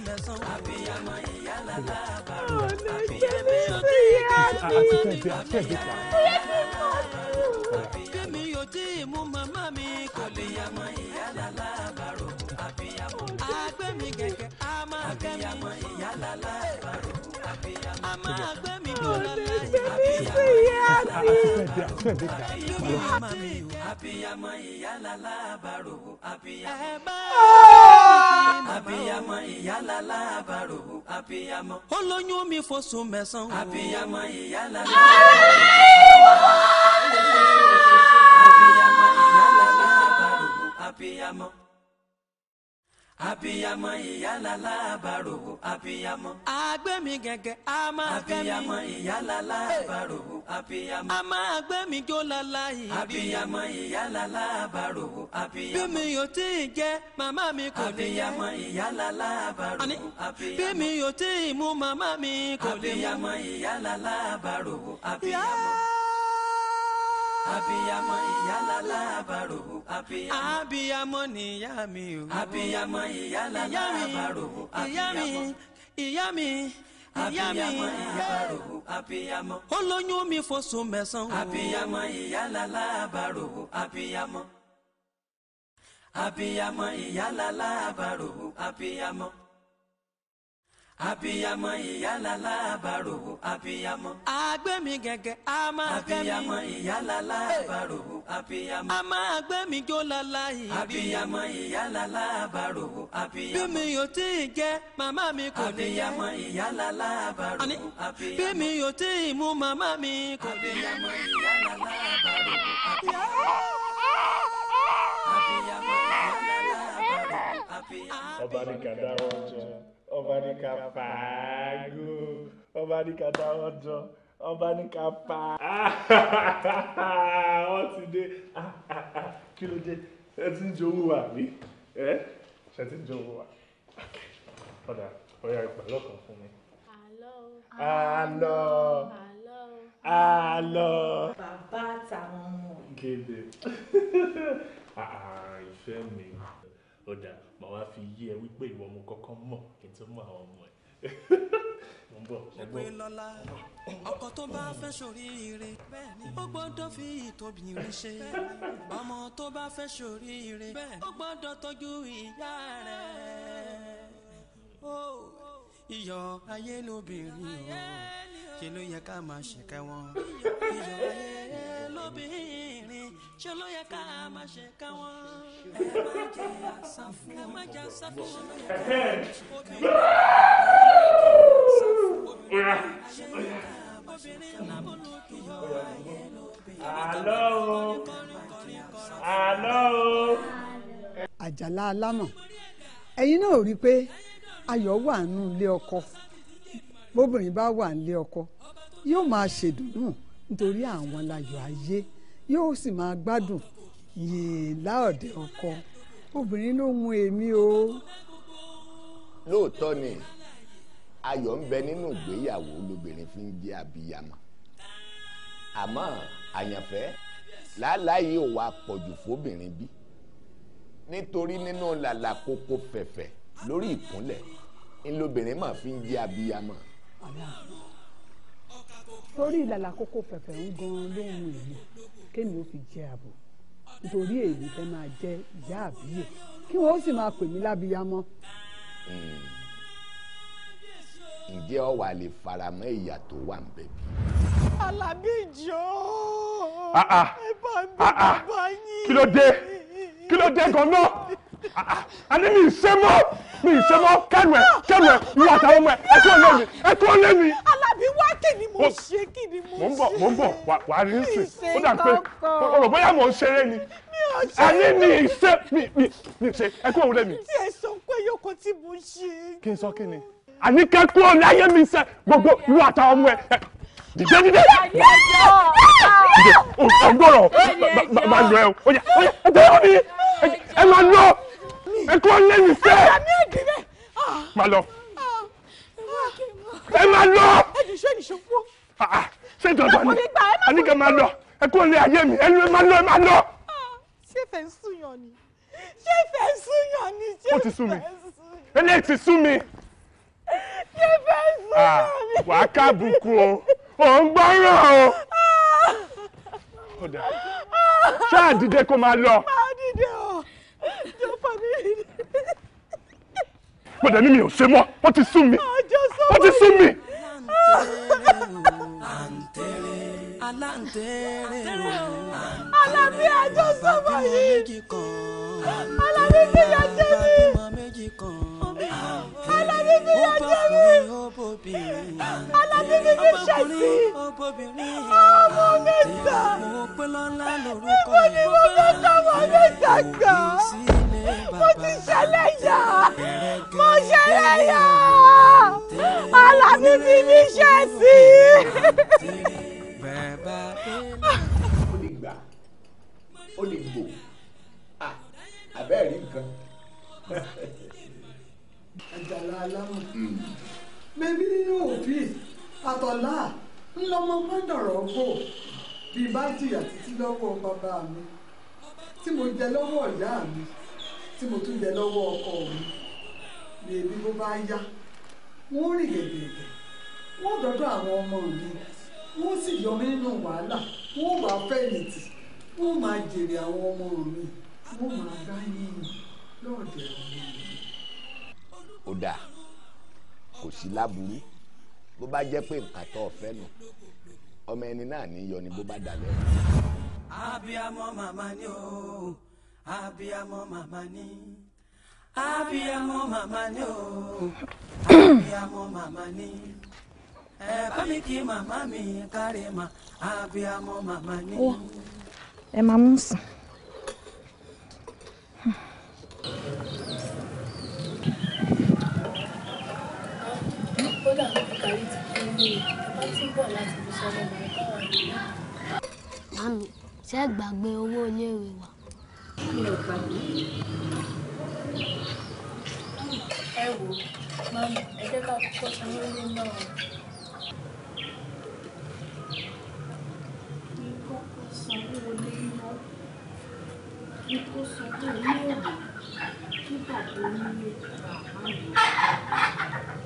[SPEAKER 5] yóò tí mú màmá mi kò lè yàmọ ìyá lábàárò àbíyamọ. àgbẹ̀mí a máa gbẹ̀mí. àbíyamọ ìyá lábàárò
[SPEAKER 2] àbíyamọ. a máa gbẹ̀mí dọ̀lá abiyamọ
[SPEAKER 5] ìyálàlá àbárò abiyamọ ìyálàlá àbárò abiyamọ. olóyún mi fosùn mẹ́sàn-án. abiyamọ ìyálàlá
[SPEAKER 2] àbárò abiyamọ ìyálàlá àbárò
[SPEAKER 5] abiyamọ ìyálàlá àbárògbò abiyamọ. àgbẹ̀mí gẹ̀gẹ̀ a máa gbẹ̀mí. abiyamọ ìyálàlá àbárògbò abiyamọ. a máa gbẹ̀mí jó lala yìí. abiyamọ ìyálàlá àbárògbò abiyamọ. bí mi ò tí ì jẹ màmá mi kò lè jẹ. abiyamọ ìyálàlá àbárògbò abiyamọ. bí mi ò tí ì mú màmá mi kò lè mú. abiyamọ ìyálàlá àbárògbò abiyamọ abiyamọ ìyálálá àbárò abiyamọ. abiyamọ ni ìyá mi o. abiyamọ ìyálálá àbárò abiyamọ. ìyá mi ìyá mi ìyá mi abiyamọ. ó lóyún mi fosùn mẹ́sàn-án. abiyamọ ìyálálá àbárò abiyamọ. abiyamọ ìyálálá àbárò abiyamọ abiyamọ ìyálàlá àbárò abiyamọ. àgbẹ̀mí gẹ̀gẹ̀ a máa gbẹ̀mí. abiyamọ ìyálàlá àbárò abiyamọ. a máa gbẹ̀mí jó lala ìrí. abiyamọ ìyálàlá àbárò abiyamọ. bí mi ò tí ì jẹ màmá mi kò ní yẹ. abiyamọ ìyálàlá àbárò abiyamọ. bí mi ò tí ì mú màmá mi kò ní yẹ. abiyamọ ìyálàlá àbárò abiyamọ.
[SPEAKER 4] abiyamọ ìyálàlá àbárò abiyamọ. ọba ní kàdá ọjọ́ ọba ní ká fàágò
[SPEAKER 6] ọba ní ká dáwọ́ jọ ọba ní ká pa wọ́n
[SPEAKER 4] ti dé kí ló dé ẹ ti ń jowó wa àbí ẹ ṣe ń jowó wa ọ̀dà ọ̀yà ìpàlọ́ kan fún mi. àlọ́
[SPEAKER 7] àlọ́ bàbá àtàwọn ọmọ.
[SPEAKER 4] kéde ah, ah, ìfẹ́ mi ọ̀dà màá wá fi yé ẹ wípé ìwọ mo kọ́kọ́ mọ̀ kí n tó mọ àwọn ọmọ ẹ mo ń bọ̀
[SPEAKER 5] tó bá fẹ́ ṣoríire ó gbọ́dọ̀ fi ìtòbìnrin ṣe ọmọ tó bá fẹ́ ṣoríire ó gbọ́dọ̀ tọ́jú ìyá rẹ̀. Oh iyọ̀ ayé lóbìnrin o ṣe ló yẹ ká máa ṣẹ̀kẹ́ wọn. iyọ̀ ayé lóbìnrin ṣe ló yẹ ká máa ṣẹ̀kẹ́ wọn. ẹ má jẹ́ àṣà ẹ má jẹ́
[SPEAKER 2] àṣà
[SPEAKER 3] àjàlá alámọ̀ ẹ̀yin náà rí i pé ayọ̀ wà nù ilé ọkọ bóbìnrin bá wà nílé ọkọ yóò máa ṣèdùnnú nítorí àwọn láyọ̀ ayé yóò sì máa gbádùn yèè láọ̀dẹ̀ ọkọ obìnrin ló mú èmi o.
[SPEAKER 6] lóòótọ́ ni ayọ̀ ń bẹ nínú ìgbéyàwó lobìnrin fi ń jẹ́ abiyamọ àmọ́ àyànfẹ́ làálàyé ò wá pọ̀jù fóbìnrin bí nítorí nínú làlàkókò fẹ̀fẹ̀ lórí ìkúnlẹ̀ ńlọbìnrin máa fi ń jẹ́ abiyamọ.
[SPEAKER 3] torí ìlàlà kókó pẹ̀pẹ̀ ń gan lóhun èmi kémi ó fi jẹ ààbò nítorí èmi fẹ́ máa jẹ ìyá àbíyè kí wọ́n sì máa pè mí
[SPEAKER 6] lábiyamọ. Hmm. ǹjẹ́ o wà lè faramọ́ ìyà tó wà ń bẹ̀ bí?
[SPEAKER 2] Ah, ah. ẹ bá mi bàbá ah, yín. kí ló dé?
[SPEAKER 6] kí ló dé gan-an a ní mi
[SPEAKER 8] ìṣe mọ́ mi ìṣe mọ́ kẹ́nu ẹ̀ kẹ́nu ẹ̀ ìwà àtàwọn ọmọ ẹ̀ ẹ kúrò lé mi ẹ kúrò lé mi.
[SPEAKER 2] alábí wá kí ni mo ṣe kí ni mo ṣe. mo ń bọ̀ mo ń bọ̀
[SPEAKER 10] wàá rí sìn ó dà pé o rò bóyá mò ń ṣeré ni
[SPEAKER 2] a ní mi ìṣe
[SPEAKER 10] mi mi ìṣe ẹ kúrò lé mi. tí
[SPEAKER 2] ẹ sọ pé yòókù tí mo ṣe. kí n sọ kí ni.
[SPEAKER 10] àní kẹ́kọ̀ọ́ láyé mi sẹ́ gbogbo ìwà àtàwọn ọmọ dìde dìde dìde ọgbọrọ máa lọ ẹ o ọjà ọjà ẹ tẹ ọ ẹ máa lọ ẹ kọ́ lẹ́yìn fẹ́ máa lọ
[SPEAKER 2] ẹ máa lọ ṣé dandan ni àníkẹ́ máa lọ
[SPEAKER 10] ẹ kọ́ lé ayé mi ẹ
[SPEAKER 8] máa lọ ẹ máa lọ.
[SPEAKER 1] ṣé fẹ́ súnyàn ni ṣé fẹ́ súnyàn ni ṣé
[SPEAKER 8] fẹ́
[SPEAKER 2] súnyàn ni eléyìí ti sú mi. ṣé fẹ́ súnyàn ni. wàá kábùkù o ò ń gbọ́ràn o. ọ̀dà ṣáà dìde kó máa lọ. máa dìde o jọ fàmí.
[SPEAKER 4] gbọ́dọ̀ ní mi ò ṣe mọ́ wọ́n ti sún mi
[SPEAKER 2] wọ́n ti sún mi.
[SPEAKER 5] Alábí àjọsọ́mọ yìí, Alábí kìyà jẹ́ mi bíbí yóò jẹ mí àlá bíbí mi ṣe sí ọmọ mi sà níbo ni mo
[SPEAKER 2] bẹ sọmọ mi sà gbà mo ti ṣẹlẹ̀ yá mo ṣẹlẹ̀ yá àlá bíbí mi ṣe sí. ó
[SPEAKER 6] lè gbà ó lè gbò àbẹ́ẹ̀rí nǹkan.
[SPEAKER 3] Àjàlá Alámọ̀ hmm. mẹ́bí nínú òbí àtọ̀lá ńlọmọ gbọ́dọ̀rọ̀ gbò bí bá jìyà títí lọ́wọ́ bàbá mi tí mo jẹ lọ́wọ́ ìyá mi tí mo tún jẹ lọ́wọ́ ọkọ mi ni ebi bó bá yá wọ́n rìn gẹ̀gẹ̀gẹ̀ wọ́n dọ́dọ̀ àwọn ọmọ mi wọ́n sì yọ mí nínú wàhálà wọ́n wà fẹ̀yìntì wọ́n máa jèrè àwọn ọmọ mi wọ́n máa bá yín lọ́ọ̀dẹ̀ ọ̀hún
[SPEAKER 6] ó dáa kò sí láburú bó bá jẹ́ pé nǹkan tó o fẹ́ nù ọmọ ẹni náà ní yọ ni bó bá dalẹ̀.
[SPEAKER 5] abiyamọ màmá ni o abiyamọ màmá ni abiyamọ màmá ni o abiyamọ màmá ni ẹ bá mi kí màmá mi kárí ma abiyamọ màmá ni.
[SPEAKER 7] ẹ máa mú sùn.
[SPEAKER 2] kódà mo fi kárí ti kí n lè tí ń bọ̀ láti fi sọ́dọ̀ mọ̀ káwọn ìlú. Màmí, ṣé gbàgbé owó iléèwé wa? Mi ò gbàgbé. Ẹ wo, màmí, ẹ jẹ́ ká kọ́kọ́ sanwó ilé ilé náà. Mi kò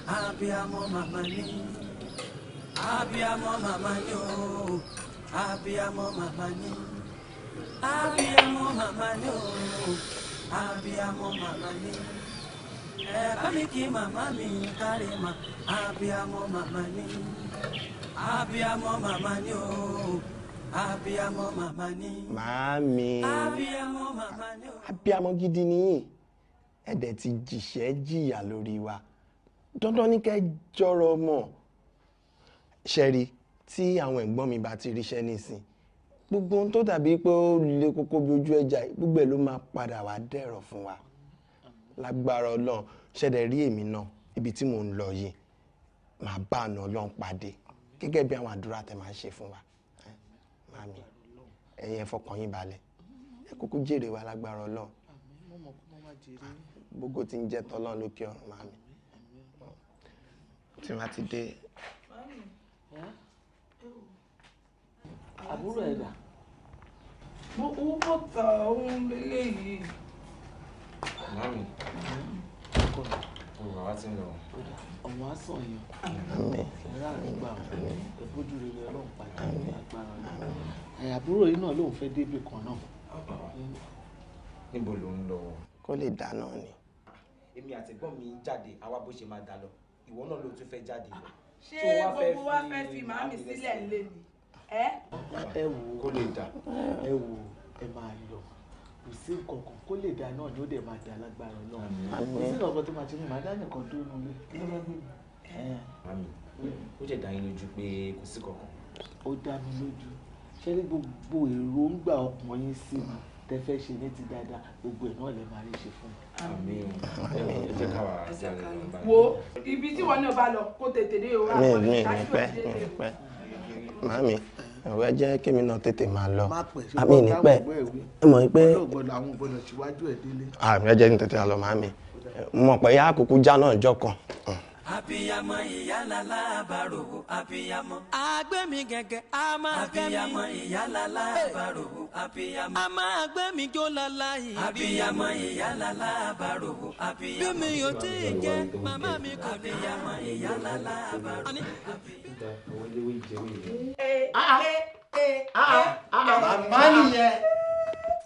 [SPEAKER 5] abiyamọ màmá ni abiyamọ màmá ni o abiyamọ màmá ni abiyamọ màmá ni o abiyamọ màmá ni ẹ bá mi kí màmá mi kárí ma abiyamọ màmá ni abiyamọ màmá ni o ni.
[SPEAKER 8] màámi ni o. abiyamọ gidi nìyí ẹ̀dẹ̀ ti jìṣẹ́ jìyà lórí wa dandan ní kẹ́ jọ̀rọ̀ mọ̀ ṣẹ̀rí tí àwọn ẹ̀gbọ́n mi bá ti ríṣẹ́ nísìn gbogbo ohun tó dàbí pé ó le kókó bí ojú ẹja gbogbo ẹ̀ ló máa padà wá dẹ̀rọ̀ fún wa lágbára ọlọ́run ṣẹ̀dẹ̀ rí èmi náà ibi tí mò ń lọ yìí màá bá àna ọlọ́run pàdé gẹ́gẹ́ bí àwọn àdúrà tẹ máa ṣe fún wa màmí ẹ̀yin ẹ fọkàn yín balẹ̀ ẹ kúkú jèrè wa lágbára ọlọ́run gbogbo tí ń jẹ́ tọ́lọ́run lókè ọ̀run màmí tí màá ti dé. àbúrò ẹ̀dà.
[SPEAKER 12] mo kú bọ́tà
[SPEAKER 1] ohun lélẹ́yìí. mami ọmọ wa ti ń lọ. ọmọ wa sàn yàn.
[SPEAKER 11] ẹ̀rọ àgbà ẹ̀bójú rẹ̀ lọ́ọ́ lọ́ọ́ pàdé agbára rẹ̀. àbúrò yìí náà lòun fẹ́ débi kan náà.
[SPEAKER 8] níbo ló ń lọ. kó lè dáná ni.
[SPEAKER 10] èmi àtẹ̀gbọ́n mi jáde àwa bó ṣe máa dá lọ ìwọ náà ló tún fẹ́ jáde lọ. ṣé gbogbo wa fẹ́ fi màámi sílẹ̀ lé mi. ẹ
[SPEAKER 11] wò kó lè dà ẹ wò ẹ máa lọ kò sí nǹkan kó lè dà náà ni dẹ̀ máa dà lágbára náà kò sí nǹkan tó máa ti mú
[SPEAKER 10] màá dá nìkan tó nù lé ó jẹ́ dá lójú pé kò sí kankan. ó dá mi lójú
[SPEAKER 11] ṣé ní gbogbo èròǹgbà ọkàn sí mi tẹ fẹ́ ṣe ní ti dáadáa gbogbo ẹ̀ náà lè máa rí ṣe fún mi.
[SPEAKER 1] wo ibi tí wọn náà bá lọ kó tètè dé o. mi mi mi pẹ mi pẹ
[SPEAKER 8] màmí ẹ̀wẹ́ jẹ́ náà tètè máa lọ àmì nípẹ́ ẹ mọ̀ pé àmì ẹ jẹ́ kí tètè lọ màmí mọ̀ pé yá àkókò já náà jọ kan
[SPEAKER 5] abiyamọ ìyálàlá àbárò abiyamọ. agbẹ́mi gẹ̀gẹ̀ a máa gbẹ́mi. abiyamọ ìyálàlá àbárò abiyamọ. a máa gbẹ́mi jó lala ìrì. abiyamọ ìyálàlá àbárò abiyamọ. bí mi ò tí ì jẹ màmá mi kò ní. abiyamọ ìyálàlá àbárò
[SPEAKER 10] abiyamọ.
[SPEAKER 5] màmá nìyẹn.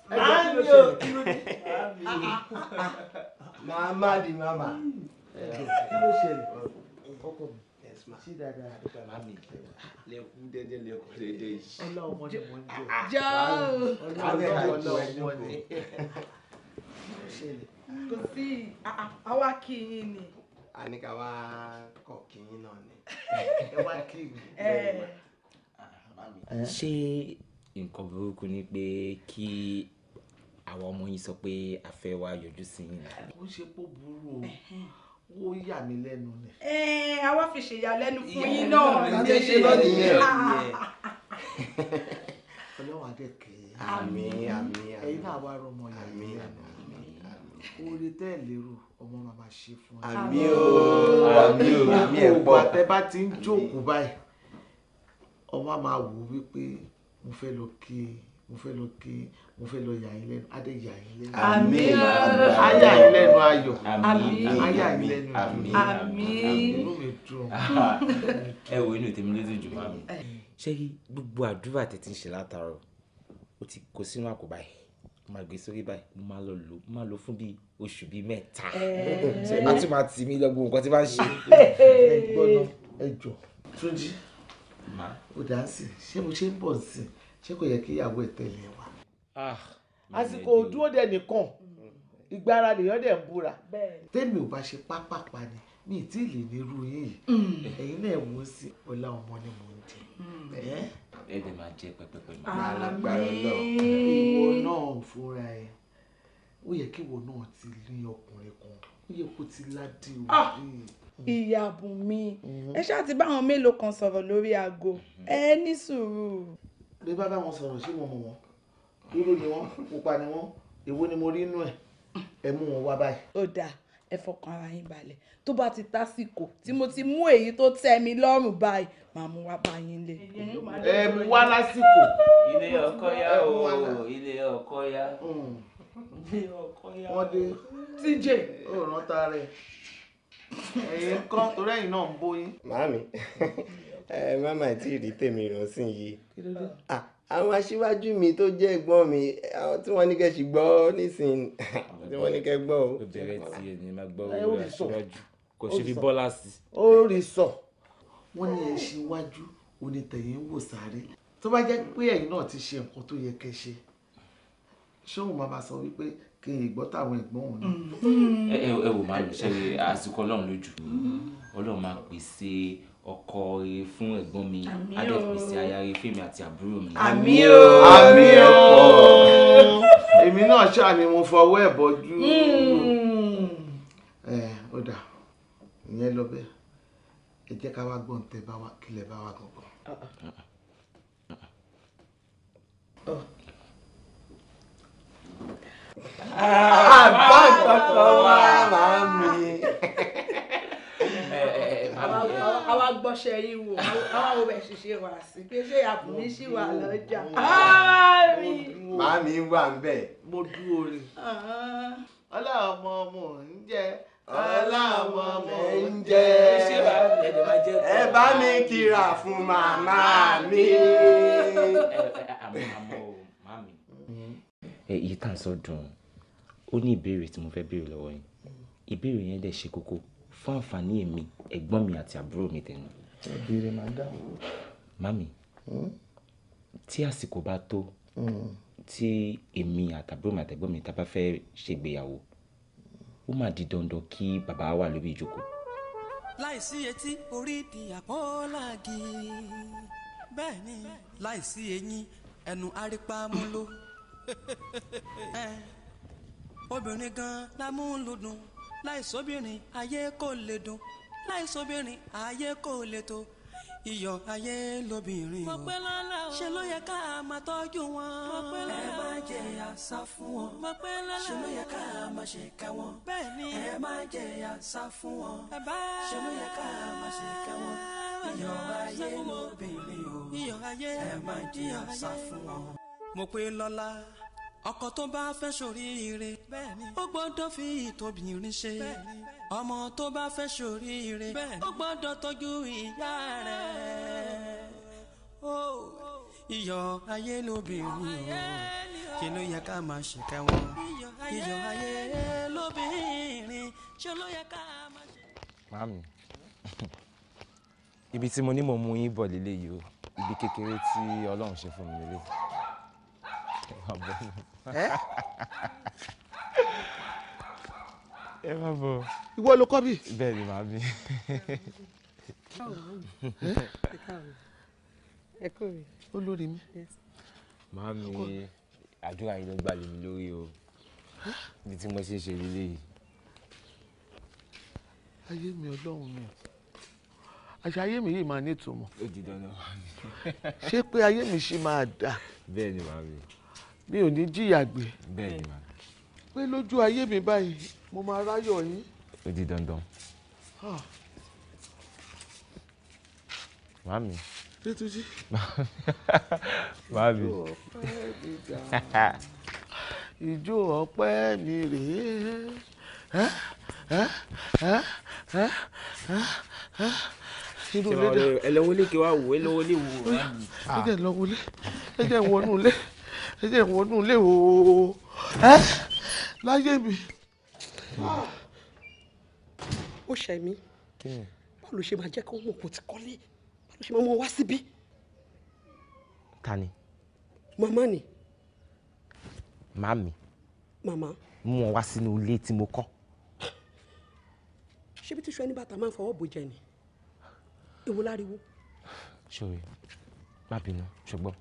[SPEAKER 2] màmá nìyẹn.
[SPEAKER 11] màmá di màmá kí kò
[SPEAKER 1] sí àwa kí yín
[SPEAKER 8] ni. a ní ká wá kọ kí yín náà ni ẹ wá kí mi.
[SPEAKER 10] ṣé nǹkan burúkú ni pé kí àwọn ọmọ yín sọ pé a fẹ́ wá yọjú sí yín. ó ṣe pọ̀ burú o ó yà mí lẹ́nu ni.
[SPEAKER 1] ẹ ẹ àwa fi ṣèyàlẹ́nu fún yín náà ní ṣe ṣe lọ́dún
[SPEAKER 11] yẹn. ọlọ́wọ́n adé kẹ́ ẹ́ àmín àmín ẹ̀yin náà
[SPEAKER 8] wá rọmọ yẹn àmín orí tẹ́ ẹ̀ lérò ọmọ màmá ṣe fún yín. àmín o àmín o àmín ẹ̀ pọ̀. àtẹ
[SPEAKER 11] bá ti ń jókòó báyìí ọmọ máa wò wípé mo fẹ́ lọ kí i mo fẹ́ lọ kí mo fẹ́ lọ yà yín lẹ́nu adé yà yín lẹ́nu. àmín ayà yín lẹ́nu ayọ̀ àmín ayà yín lẹ́nu àmín àmín inú mi
[SPEAKER 10] ẹ wo inú tèmi lójú jù máa mi. ṣé gbogbo àdúrà tètè ń ṣe látàárọ̀ ó ti kó sínú àpò báyìí máa gbé sórí báyìí mo lọ lò ó máa fún bíi oṣù bíi mẹ́ta a tún máa tì mí lọ́gbọ̀n nǹkan tí bá ń ṣe. ẹ gbọ́dọ̀ ẹ
[SPEAKER 11] jọ Túnjí ó dá sí ṣé mo ṣe ń bọ̀ sí i ṣé kò yẹ kí ìyàwó ẹ̀ tẹ̀lé wa. Ah, àsìkò òdúró dẹ nìkan ìgbára lèèyàn dẹ̀ ń búra. tèmi ò bá ṣe pápápá ni mi tí ì lè nírú yìí mm. ẹ̀yin náà wò ó sí ọlá ọmọ ni mò ń jẹ. Mm. ẹ
[SPEAKER 10] dẹ̀ máa jẹ pẹpẹpẹ mọ́. alágbára náà ìwọ náà
[SPEAKER 11] fúnra ẹ ó yẹ kí ìwọ náà ti lé ọkùnrin kan ó yẹ kó ti ládé
[SPEAKER 2] orí ah! mm.
[SPEAKER 1] ìyá Bùnmi mm-hmm. ẹ ṣáà ti bá àwọn mélòó kan sọ̀rọ̀ lórí aago mm-hmm. ẹ ní sùúrù bí bá bá wọn sọ̀rọ̀ sí wọn mọ̀ wọn dúró ni wọn pupa ni wọn èwo
[SPEAKER 11] ni mo rí inú ẹ̀ ẹ mú wọn wá báyìí.
[SPEAKER 1] ó dáa ẹ fọkàn ara yín balẹ̀ tó bá ti tásìkò tí mo ti mú èyí tó tẹ́ mi lọ́rùn báyìí màá mú wá bá
[SPEAKER 10] lé. ẹ mú wá lásìkò. ilé ọkọ ya o ilé ọkọ ya hmm.
[SPEAKER 11] ilé o. wọ́n dé TJ ó rántá rẹ̀
[SPEAKER 8] ẹ̀yìn kan torí ẹ̀yìn náà ń bóyín. màámi ẹ má má tí ì rí tèmi ràn sí yìí ah, àwọn aṣíwájú mi tó jẹ́ ẹ̀gbọ́n mi àwọn tí wọ́n ní kẹ́ ṣì gbọ́ nísìnyí tí wọ́n ní kẹ́ gbọ́ o. bẹ̀rẹ̀ tí ẹni máa gbọ́ owó aṣíwájú kò ṣe fi bọ́lá sí.
[SPEAKER 11] ó rí sọ wọ́n ní ẹ ṣíwájú onítẹ̀yìn wò sáré tó bá jẹ́ pé ẹ̀yin náà ti ṣe nǹkan tó yẹ kẹ́ ṣe ṣé òun máa sọ wípé kí n ìgbọ́ táwọn ẹ̀gbọ́n òun ni. ẹ wò má lọ ṣe
[SPEAKER 10] àsìkò ọlọ́run lójú mm-hmm. ọlọ́run máa pèsè ọkọ rere fún ẹ̀gbọ́n mi adẹ́pèsè aya rere àti àbúrò mi. àmì o àmì o
[SPEAKER 11] èmi náà ṣáà ni mo fọwọ́ ẹ̀ bọ́jú.
[SPEAKER 2] Hmm.
[SPEAKER 11] ẹ ó dà ìyẹn lọ bẹ́ẹ̀ ẹ jẹ́ ká wá gbọ́n tẹ bá wa kílẹ̀ bá wa
[SPEAKER 2] gbọ̀ngàn.
[SPEAKER 8] Ah. àbá kankan wá
[SPEAKER 2] màmí
[SPEAKER 1] àwa gbọ́sẹ̀ yìí wò àwa wo bẹ̀ ṣiṣẹ́ wà sí pé ṣé àbùmí ṣì wà lọ́jà. màámi
[SPEAKER 6] wà ń bẹ̀.
[SPEAKER 8] mo dúró rè.
[SPEAKER 1] ọlọ́run ọmọ ọmọ ń jẹ́ aláwọ̀
[SPEAKER 11] mọ̀ ẹ bá mi kíra fún màmá
[SPEAKER 2] mi.
[SPEAKER 10] èyí tá à sọ dùn ó ní ìbéèrè tí mo fẹ́ béèrè lọ́wọ́ yín ìbéèrè yẹn dẹ̀ ṣe kókó fún àǹfààní èmi ẹ̀gbọ́n mi àti àbúrò mi tẹ̀nu. ìbéèrè madam. mami hmm? tí àsìkò bá tó hmm. tí èmi àtàbúrò mi àtẹ̀gbọ́n mi tá bá fẹ́ ṣègbéyàwó ó mà di dandan kí bàbá wà lórí ìjókòó.
[SPEAKER 5] láìsí etí orí di àpọ́nlági bẹ́ẹ̀ ni láìsí eyín ẹnu arípa mú ló obìnrin gan-an la mú lódùn láìsóbìnrin ayé kò lè dùn láìsóbìnrin ayé kò lè tó iyọ̀ ayé lóbìnrin o ṣe ló yẹ ká máa tọ́jú wọn. ẹ má jẹ àṣà fún wọn ṣe ló yẹ ká máa ṣe ká wọn. ẹ má jẹ àṣà fún wọn ṣe ló yẹ ká máa ṣe ká wọn. iyọ̀ ayé
[SPEAKER 2] lóbìnrin
[SPEAKER 5] o ẹ má jẹ àṣà fún wọn. mo pe lọ́la ọkọ tó bá fẹ́ ṣoríire ó gbọ́dọ̀ fi ìtòbìnrin ṣe ọmọ tó bá fẹ́ ṣoríire ó gbọ́dọ̀ tọ́jú ìyá rẹ̀ oh. iyọ̀ ayé lóbìnrin o kí ló yẹ ká máa ṣèkẹ́ wọn iyọ̀ ayé lóbìnrin ṣé ló yẹ ká máa
[SPEAKER 10] ṣe. ibi tí mo ní mo mú yín bọ̀ lélẹ́yìí o ibi kékeré tí ọlọ́run ṣe fún mi lélẹ́yìí.
[SPEAKER 2] Eh?
[SPEAKER 11] ẹ má bọ̀. ìwọ ló kọ́ bí. bẹ́ẹ̀ ni màá bí. ẹ kò rí. olórí mi.
[SPEAKER 10] màá mi àdúrà yìí ló gbalẹ̀ mi lórí o bí tí mo ṣe ń ṣe lílé yìí.
[SPEAKER 11] ayé mi ọlọ́run mi àṣà ayé mi yìí máa nítumọ̀. ó di ṣé pé ayé mi ṣì máa dà. bẹ́ẹ̀ màá mi mi ò ní jìyà gbé pé lójú ayé mi báyìí mo máa ráyọ̀ yín.
[SPEAKER 10] ó di dandan. màámi. Détúnjí. màámi.
[SPEAKER 11] ìjó ọpẹ́ mi rèé inú ilé dẹ.
[SPEAKER 10] ẹlẹ́wọ́lé kí wàá wò ẹlẹ́wọ́lé wò. ẹ jẹ́
[SPEAKER 11] lọ wọlé ẹ jẹ́ wọnú ilé ẹ jẹ́ ìwọ́nú ilé o ẹ́
[SPEAKER 1] láyé mi.
[SPEAKER 9] ó ṣe mí báwo ló ṣe máa jẹ́ kí wọ́n mọ̀ kó ti kọ́lé báwo ló ṣe máa mọ wá síbí. ta ni. màmá ni. màmí. màmá.
[SPEAKER 10] mú wọn wá sínú ilé tí mo kọ́.
[SPEAKER 1] ṣé bí tíṣu ẹni bàtà máa ń fọwọ́ bòjẹ ni èwo láriwo.
[SPEAKER 10] ṣòwe má bínú ṣùgbọ́n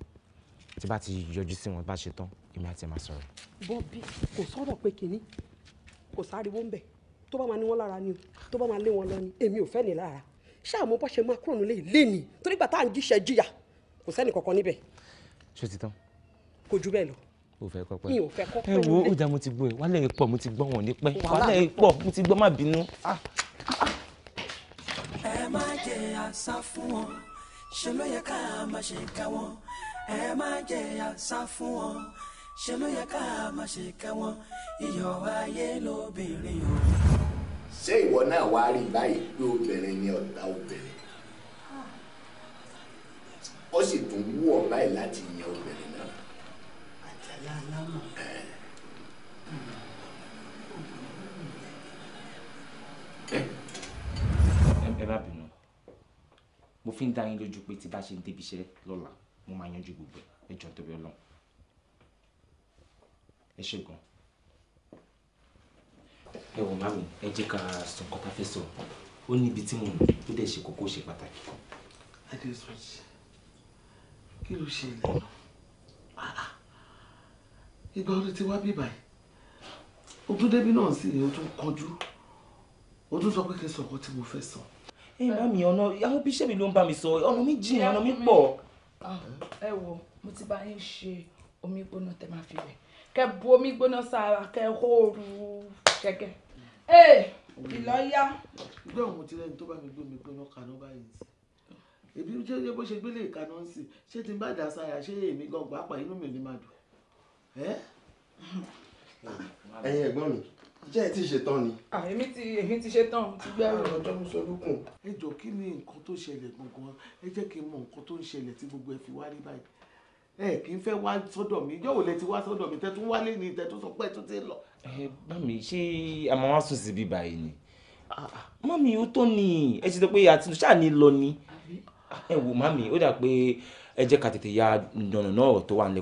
[SPEAKER 10] tí bá ti yọjú sí wọn bá ṣe tán èmi àti ẹ máa sọ̀rọ̀.
[SPEAKER 1] bọ́bí kò sọ̀rọ̀ pé kínní kò sáriwo ń bẹ̀ tó bá máa ní wọn lára ni o tó bá máa lé wọn lọ ni èmi ò fẹ́ ní lára ṣáà mo bọ́ ṣe máa kúrò nílé ilé ni torí gbà tá à ń jíṣẹ́ jìyà
[SPEAKER 9] kò sẹ́ni kankan níbẹ̀. ṣó ti tán. kò ju bẹ́ẹ̀ lọ.
[SPEAKER 10] o fẹ́ kọ́ pẹ́. mi ò fẹ́ kọ́ pẹ́. ẹ wo ọjà mo ti gbọ́ ẹ wálẹ̀ pọ̀ mo ti gbọ́ wọn ní pẹ́ wálẹ̀ pọ̀ mo ti gbọ́ má bínú.
[SPEAKER 9] Ah.
[SPEAKER 5] ẹ má jẹ àṣà fún wọn ṣe ló yẹ ká máa ṣe ká wọn ẹ má jẹ̀yà sá fún wọn ṣe ló yẹ ká má ṣe kẹ́ wọn iyọ̀ ayé lóbìnrin o. ṣé ìwọ náà wá
[SPEAKER 6] rí báyìí pé obìnrin ni ọ̀tá obìnrin ó sì tún wú ọ báyìí láti yan obìnrin náà.
[SPEAKER 2] àjàlá alámọ̀. ẹ
[SPEAKER 10] má bínú mo fi ń dá yín lójú pé tí bá ṣe ń débi iṣẹ́ lọ́la mo máa yanjú gbogbo ẹ jọ̀ọ́ nítorí Ọlọ́run ẹ ṣe gan ẹ wò má mi ẹ jẹ́ ká sọ nǹkan tá a fẹ́ sọ ó ní ibi tí mo nù tó dẹ̀ ṣe kókó ṣe pàtàkì. adéṣọjì
[SPEAKER 11] kí ló ṣe ìlànà ah, ah. ìgbà orí ti wá bí
[SPEAKER 10] báyìí ojú débi náà sì ni ojú kanjú ojú sọ pé kí n sọ nǹkan tí mo fẹ́ sọ. ẹ bá mi ọ̀nà àwọn bíṣẹ́ mi ló ń bá mi sọ ọ̀nà mi jìn ọ̀nà mi pọ̀. Ah,
[SPEAKER 1] ẹ wo mo ti bá yín ṣe omi gbóná tẹ máa fi wẹ̀ kẹ́ bu omi gbóná sára kẹ́ hóoru ṣẹ̀kẹ̀ ee ìlọ́yà.
[SPEAKER 11] gbọ́dọ̀ mo ti rẹ́ni tó bá mi gbé omi gbóná kaná báyìí sí èbí ṣé bó ṣe gbélé ìkaná ń sìn ṣé tí n bá dà sára ṣé èmi gan pàápàá inú mi ò ní máa dùn. ẹ̀yin ẹ̀gbọ́n
[SPEAKER 8] mi jẹ́ ẹ ti ṣetán ni.
[SPEAKER 11] èmi ti èmi ti ṣetán ti gbẹ́rù. ọjọ́ ń sọ lókun. ẹ jọ kí ni nǹkan tó ṣẹlẹ̀ gbọ̀ngàn ẹ jẹ́ kí n mọ nǹkan tó ń ṣẹlẹ̀ tí gbogbo ẹ fi wá rí báyìí ẹ kì í fẹ́ wá sọ́dọ̀ mi yóò lẹ ti wá sọ́dọ̀ mi tẹ́tún wálé ni tẹ́tún sọ pé tún lọ.
[SPEAKER 10] ẹ bá mi ṣé a wá sùn síbi báyìí ni mọ́mí ó tó ní ẹ ti sọ pé àti ṣáà ní lọ ni ẹ wò mọ́mí ó dà pé ẹ jẹ́ ká tètè ya nànà náà tó wà ní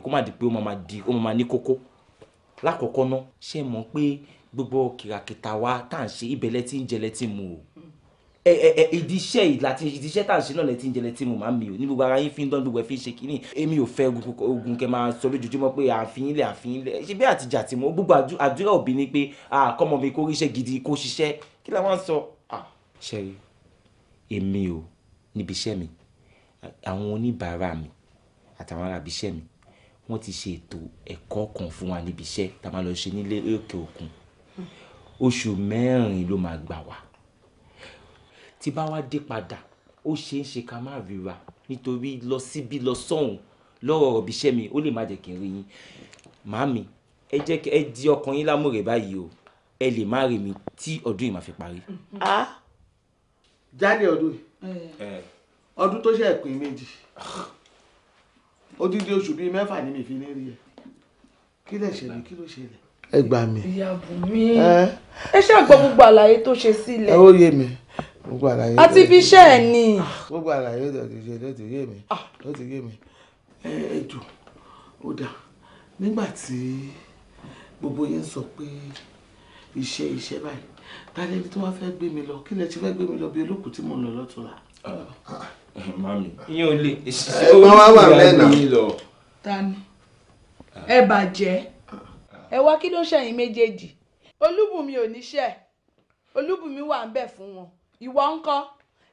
[SPEAKER 10] lákọ̀ọ́kọ́ ná ṣé mọ̀ pé gbogbo kìràkìtà wa tá à ń ṣe ibẹ̀lẹ̀ tí ń jẹlẹ̀ tí mu o ẹ ẹ ẹ ìdíṣẹ́ ìlàtí ìdíṣẹ́ tá à ń ṣe náà lẹ́tí ń jẹlẹ̀ tí mu máa mi o ní gbogbo ara yín fi ń dán gbogbo ẹ̀ fi ń ṣe kínní èmi ò fẹ́ ogun kẹ máa sọ lójoojúmọ́ pé àfihìnlẹ̀ àfihìnlẹ̀ ṣe bí àtijọ́ àti mọ́ gbogbo àdúrà òbí ni pé àkọ́mọ mi kó ríṣẹ́ gidi kó ṣiṣẹ́ kí la wọ́n sọ. ṣẹ́rí èmi o níbi iṣẹ́ mi àwọn oníbàárà mi àtàwọn arábìṣẹ́ mi wọ́n ti ṣe ètò ẹ̀kọ́ kan fún wa níbi iṣẹ́ tá a máa lọ ṣe nílé òkè òkun oṣù mẹ́rin ló máa gbà wá tí bá wá dé padà ó ṣeé ṣe ká má ríra nítorí lọ síbi lọ sọ́hùn lọ́rọ̀ ọ̀bí iṣẹ́ mi ó lè má jẹ́ kí n rí yín màámi ẹ jẹ́ ẹ di ọkàn yín lámúrè báyìí o ẹ lè má rí mi tí ọdún yìí máa fi parí.
[SPEAKER 11] jáde ọdún
[SPEAKER 2] yìí
[SPEAKER 11] ọdún tó ṣe ẹ̀pìn méjì. Ah odidi oṣù bíi mẹ́fà ni mi fi ní rí ẹ kí lè ṣẹlẹ̀ kí ló ṣẹlẹ̀ ẹ gbà mí.
[SPEAKER 1] ìyá Bùnmi ẹ ṣàgbọ́ gbogbo àlàyé tó ṣe sílẹ̀. ẹ ó yé
[SPEAKER 11] mi gbogbo àlàyé. àti fi iṣẹ́ ẹ̀ ni. gbogbo àlàyé tó ti ṣe ló ti yé mi ah. ló ti yé mi. ẹ ẹ jù ó dà nígbà tí
[SPEAKER 9] gbogbo yẹn sọ pé iṣẹ́ iṣẹ́ báyìí tálẹ́ni tó wá fẹ́ gbé
[SPEAKER 1] mi lọ kí lẹ ti fẹ́ gbé mi lọ bí olókùú tí mò ń lọ lọ́tún la. Ah. mami ìyẹn ò lè èsì orí mi lọ. ta ni ẹ bàjẹ́ ẹ wá kí ló ṣẹ̀yìn méjèèjì olúbùnmi ò níṣẹ́ olúbùnmi wà ń bẹ̀ fún wọn ìwọ ń kọ́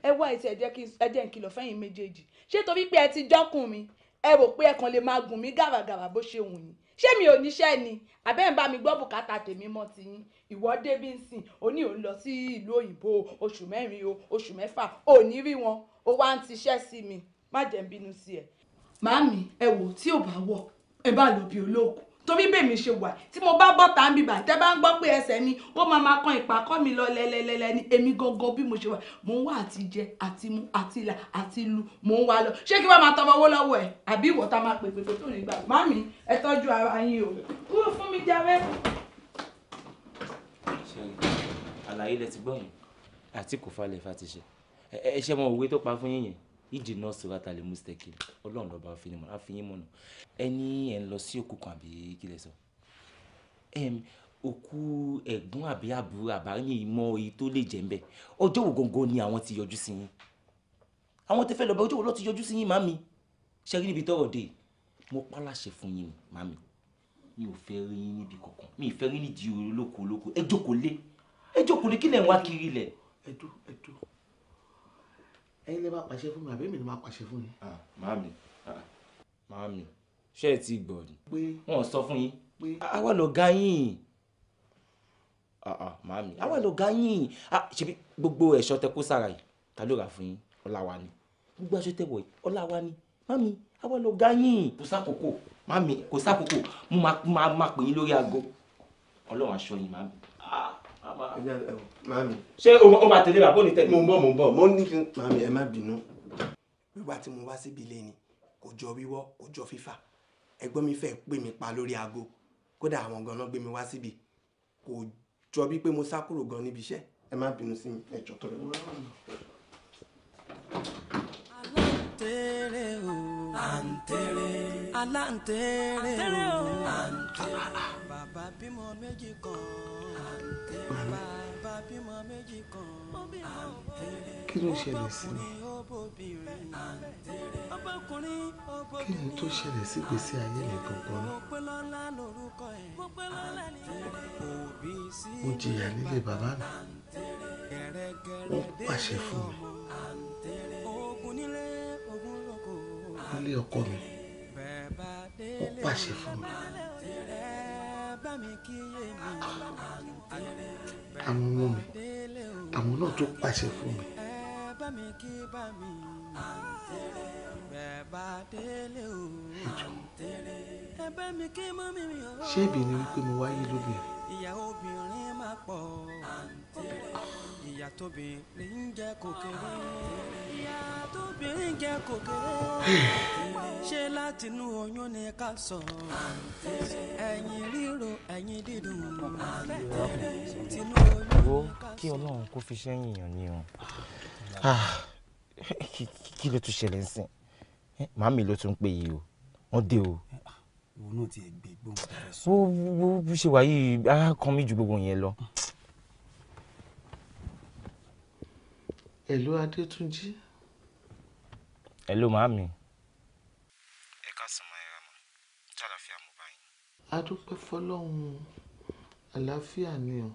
[SPEAKER 1] ẹ wá ètò ẹ̀jẹ̀ ń kìlọ̀ fẹ́yìn méjèèjì ṣé torí pé ẹ ti jọ́kùn mi ẹ rò pé ẹ kàn lè máa gùn mí gàràgàrà bó ṣe wù yín ṣé mi ò níṣẹ́ ni àbẹ́ ń bá mi gbọ́ bùkátà tèmi mọ́ ti yín ìwọ débí ń sìn òní ò ń lọ sí ìlú òyìnbó oṣù mẹ́rin o oṣù mẹ́fà ò ní rí wọn ó wá ń tiṣẹ́ sí mi má jẹ́ ń bínú sí ẹ. màámi ẹ wò tí ò bá wọ ẹ bá lọ bí olóògùn torí bèmi ṣe wà tí mo bá bọ́ta ń bíbà tẹ́ bá ń gbọ́ pé ẹsẹ̀ mi ó máa ma kan ìpàkọ́ mi lọ lẹ́lẹ́lẹ́lẹ́ ní èmi gangan bí mo ṣe wà mò ń wá àti jẹ àti mu àti là àti lu mò ń wá lọ ṣé kí wọ́n máa tọmọ owó lọ́wọ́ ẹ̀ àbí ìwọ ta máa pèpè tó ní gbà mami ẹ tọ́jú ara yín o kúrò fún mi jáwé.
[SPEAKER 10] àlàyé lẹ ti gbọ́ yẹn àti kò falẹ̀ fa ti ẹ ṣe mọ òwe tó pa fún yín yẹn ìdì náà sọ wáta lè mú sítẹ́kì ọlọ́run lọ́ba fi ni mọ̀ láfi yín mọ̀nà ẹni ẹ̀ ń lọ sí òkú kan àbí kí lẹ sọ òkú ẹ̀gbọ́n àbí àbúrò àbáyìn ìmọ̀ èyí tó lè jẹ́ ń bẹ̀ ọjọ́ wo gangan ni àwọn ti yọjú sí yín àwọn tẹ́fẹ́ lọ́ba ọjọ́ wo lọ́ ti yọjú sí yín màmí ṣe rí níbi tọ́rọ̀ dé mo pálàṣẹ fún yín ni màmí mi ò fẹ́ rí yín níbi kankan mi ì fẹ́ rí nídìí olóko olóko ẹ jókòó lé ẹ jókòó lé kí lẹ̀ ń wá kiri lẹ̀. ẹ dúró
[SPEAKER 11] ẹ̀yin lè máa pàṣẹ fún mi àbí èmi lè máa pàṣẹ
[SPEAKER 10] fún yín. Ah, màámi ah, màámi ṣé ẹ ti gbọ́ ni. pé wọn sọ fún yín. pé àwa lọ ga yín ah, màámi àwa lọ ga yín ṣebí gbogbo ẹ̀ṣọ́ tẹ kó sára yìí ta ló rà fún yín ọláwa ni gbogbo aṣọ tẹ wọ̀ yìí ọláwa ni màámi àwa lọ ga yín. kò sákòókò màámi kò sákòókò mo máa pè yín lórí aago ọlọ́run aṣọ yín màámi mami. ṣé o máa tẹ̀lé
[SPEAKER 8] bàbá òní tẹ̀lé. mo ń bọ̀ mo ń bọ̀ mo ní kí mami ẹ má bínú. wíwá tí mo wá síbi ilé ni kò jọ wíwọ́ kò jọ fífà ẹ̀gbọ́n mi fẹ́ pè mí pa lórí aago kódà àwọn ganan gbé mi wá síbi kò jọ bí pé mo sá kúrò gan níbi iṣẹ́ ẹ má bínú sí mi ẹjọ́ tó
[SPEAKER 5] rẹ wọ́n. aláǹtẹ̀rẹ̀ o aláǹtẹ̀rẹ̀ o aláǹtẹ̀rẹ̀ o bàbá bímọ méjì kan bàbá bímọ méjì kan kí ló ṣẹlẹ̀ sí mi
[SPEAKER 11] kí ni tó ṣẹlẹ̀ sí gbèsè ayé mi gangan mo jìyà nílé bàbá mi wọ́n pàṣẹ fún mi nílé ọkọ mi wọ́n pàṣẹ fún mi àwọn ọmọ mi àwọn náà tó
[SPEAKER 5] pàṣẹ fún mi. ìjọ ṣé
[SPEAKER 11] ibi ni wípé mo wáyé
[SPEAKER 5] lóbìnrin ìyá tóbìnrin ń jẹ kòkèrè ìyá tóbìnrin jẹ kòkèrè ṣé látinú oyún ni ká sọ ẹ̀yìn ríro ẹ̀yìn dídùn
[SPEAKER 10] tinú oyún ni ká sọ. kí ọlọ́run kó fi sẹ́yìn yàn ni o ah, kí ló tún ṣẹlẹ̀ ń sìn eh, màmí ló tún pè yìí o wọ́n dé o òun eh, ah, náà ti gbé gbóhùn. bó bó ṣe wà yìí ara kan mi ju gbogbo yẹn lọ
[SPEAKER 11] Hello Adétúnjí.
[SPEAKER 10] Hello màámi. Ẹ káàsán máa
[SPEAKER 11] yẹra mọ́, tí àlàáfíà mo bá yín. A dúpẹ́ fọlọ́run àlàáfíà ni o.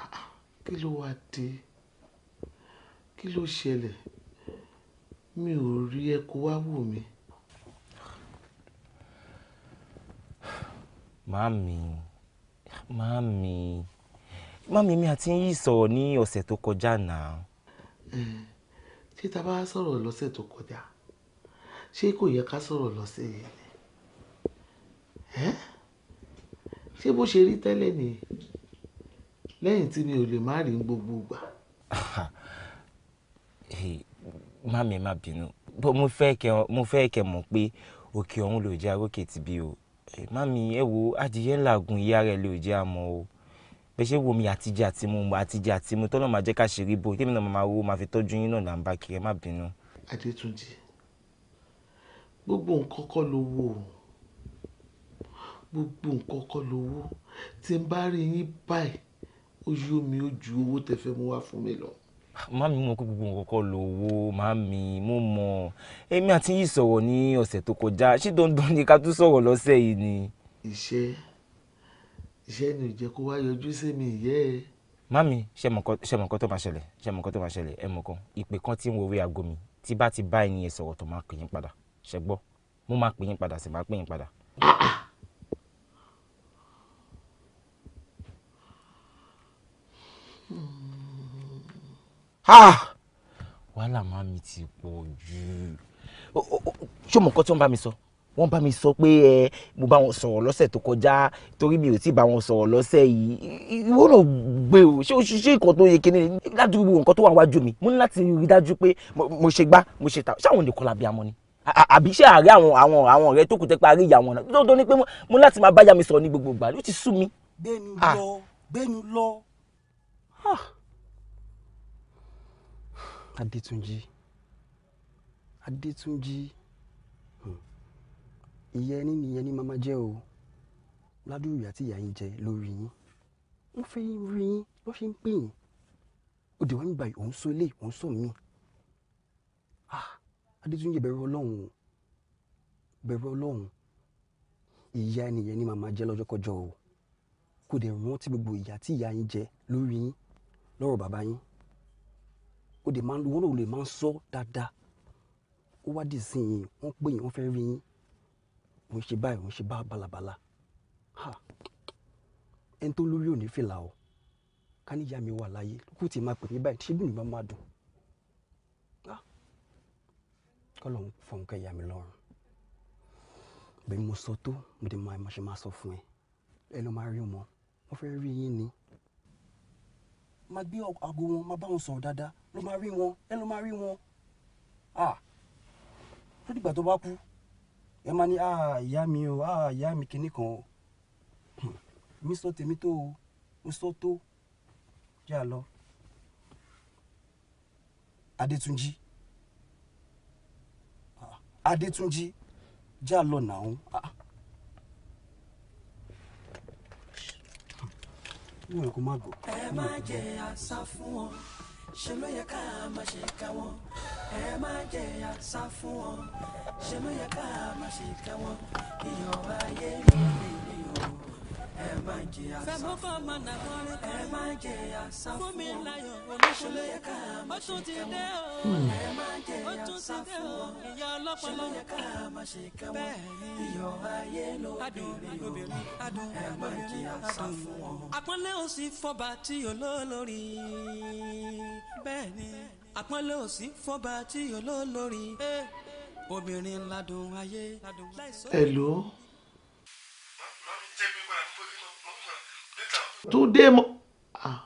[SPEAKER 11] Ah, ah, kí ló wá dé? Kí ló ṣẹlẹ̀? Mi ò rí ẹ kó wá wò mí.
[SPEAKER 10] Màámi, màámi, màámi mi àti yín sọ̀rọ̀ ní ọ̀sẹ̀ tó kọjá náà
[SPEAKER 11] tí ta bá sọ̀rọ̀ lọ́sẹ̀ tó kọjá ṣé kò yẹ ká sọ̀rọ̀ lọ́sẹ̀ yìí ni ṣé bó ṣe rí tẹ́lẹ̀ ni lẹ́yìn tí mi ò lè má rí gbogbo ìgbà.
[SPEAKER 10] mami ẹ má bínú mo fẹ́ kẹ́ mo fẹ́ kẹ́ mọ̀ pé òkè ọ̀hún ló jẹ́ arókè tìbí o mami ẹ wo adìyẹ làágùn ìyá rẹ̀ ló jẹ́ àmọ́ o bẹ ṣe wo mi àtijẹ àti mu àtijẹ àti mu tọ́lọ́ máa jẹ́ ká ṣe rí bo tèmi náà máa wo máa fi tọ́jú yín náà là ń ẹ má bínú. adétúnjì
[SPEAKER 11] gbogbo nǹkan kọ́ ló wò ó gbogbo nǹkan kọ́ ló wò ó tí n bá rí yín báyìí ojú omi ó owó tẹ fẹ́ mú wá fún mi lọ.
[SPEAKER 10] màámi mọ̀ pé gbogbo nǹkan kọ́ ló wò ó màámi mo mọ̀ èmi àti yìí sọ̀rọ̀ ní ọ̀sẹ̀ tó kọjá ṣé dandan ni ká tún sọ̀rọ̀ lọ́sẹ̀ yìí ni. iṣẹ́
[SPEAKER 11] iṣẹ́ ni ò kó wá yọjú sí mi ìyẹ́ ẹ.
[SPEAKER 10] mami ṣe mọ̀ nǹkan tó máa ṣẹlẹ̀ ṣe mọ̀ nǹkan tó máa ṣẹlẹ̀ ẹ mọ̀ kan ìpè kan tí ń wo orí aago mi tí bá ti bá ẹni yẹn sọ̀rọ̀ máa pè padà ṣe gbọ́ mo máa pè padà sì máa pè padà. wàhálà mami ti pọ̀ jù ṣé mọ̀ nǹkan tó ń bá mi sọ. So? wọ́n bá mi sọ pé ẹ mo bá wọn sọ̀rọ̀ lọ́sẹ̀ tó kọjá torí mi ò tí bá wọn sọ̀rọ̀ lọ́sẹ̀ yìí ìwọ náà gbé o ṣé o ṣe nǹkan tó yẹ kíní ládùúgbò nǹkan tó wà wájú mi mo ní láti rí dájú pé mo ṣe gbá mo ṣe tà ṣáwọn ò lè kọlà bí amọ ni àbí ṣé àárẹ̀ àwọn àwọn àwọn ọ̀rẹ́ tó kù tẹ́ parí ìyàwó náà tó tó ní pé mo láti máa báyà mi sọ̀rọ̀ ní gbogbo ìgbà ló ti sú
[SPEAKER 9] mi. gbẹnu ah. lọ gbẹnu lọ. Ah ìyá ẹni nìyẹn ni màmá jẹ́ o ládùúgbò àti ìyá yín jẹ lórí yín wọ́n fẹ́ yín rí yín ló ṣe ń pè yín ó dẹ̀ wá ń gbà òun sọ ilé òun sọ mí ah, adétúnjẹ bẹ̀rù ọlọ́run o ọlọ́run ìyá ẹni yẹn ni màmá jẹ́ lọ́jọ́kọjọ́ o kò dẹ̀ rántí gbogbo ìyá tí ìyá yín jẹ lórí yín lọ́rọ̀ bàbá yín ó dẹ̀ máa ń wọ́n lè máa ń sọ dáadáa ó wá dì sí yín wọ́n pè yín wọ́n fẹ́ rí yín òun ṣe báyìí òun ṣe bá balabala ha ẹni tó lórí òní fìlà o ká níyà mi wà láyé kó tí máa pè mí báyìí ṣé bùnú bá máa dùn ha kọ́lọ̀ ń fọ̀n kẹ́ ìyá mi lọ́rùn bẹ́ẹ̀ mo sọ tó mo dé máa ṣe máa sọ fún ẹ ẹ ló máa rí wọn mo fẹ́ rí yín ni máa gbé aago wọn máa bá wọn sọ̀rọ̀ dáadáa ló máa rí wọn ẹ ló máa rí wọn ah lódìgbà tó bá kú ẹ máa ní ah ìyá mi o ah ìyá mi kinní kan o mi sọ tèmi tó o mo sọ tó yà lọ Adétúnjí ah, Adétúnjí já lọ nàún mi ò kó má gbọ́. ẹ má jẹ
[SPEAKER 5] àṣà fún ọ ṣe ló yẹ ká máa ṣe ká wọn ẹ má jẹ àṣà fún wọn ṣe ló yẹ ká
[SPEAKER 2] máa ṣe ká wọn iyọ̀ ayé mi rèé
[SPEAKER 5] ẹ má jẹ àṣà fẹ́bùkọ́ ọmọ nàkọ́rí ẹ má jẹ àṣà fún mi láyọ̀ olóṣèlú yẹ ká máa ṣe kẹ́wọ́ ẹ má jẹ àṣà fún wọn ìyá ọlọ́pọlọ yẹ ká máa ṣe kẹ́wọ́ iyọ̀ ayé ló bèrè o ẹ má jẹ àṣà fún wọn. àpọ́nlé ò sí fọba tí olólórí bẹ́ẹ̀ àpọ́nlé ò sí fọba tí olólórí obìnrin ládùn ayé. hello.
[SPEAKER 11] today mo ah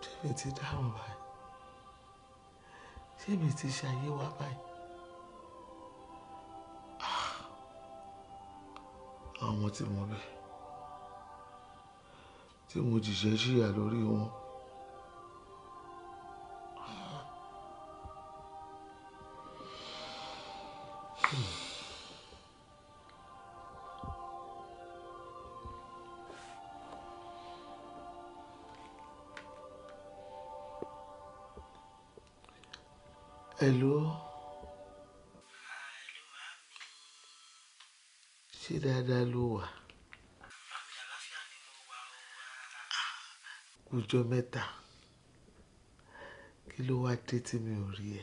[SPEAKER 11] ṣé mi ti dáhùn báyìí ṣé mi ti ṣàyé wa báyìí ah. àwọn tí mo bí tí mo jìṣẹ́ ṣìyà lórí wọn. Hello. Mami. Ṣé dáadáa ló wà? Ọjọ́ mẹ́ta. Kí ló wá dé tí mi ò rí ẹ?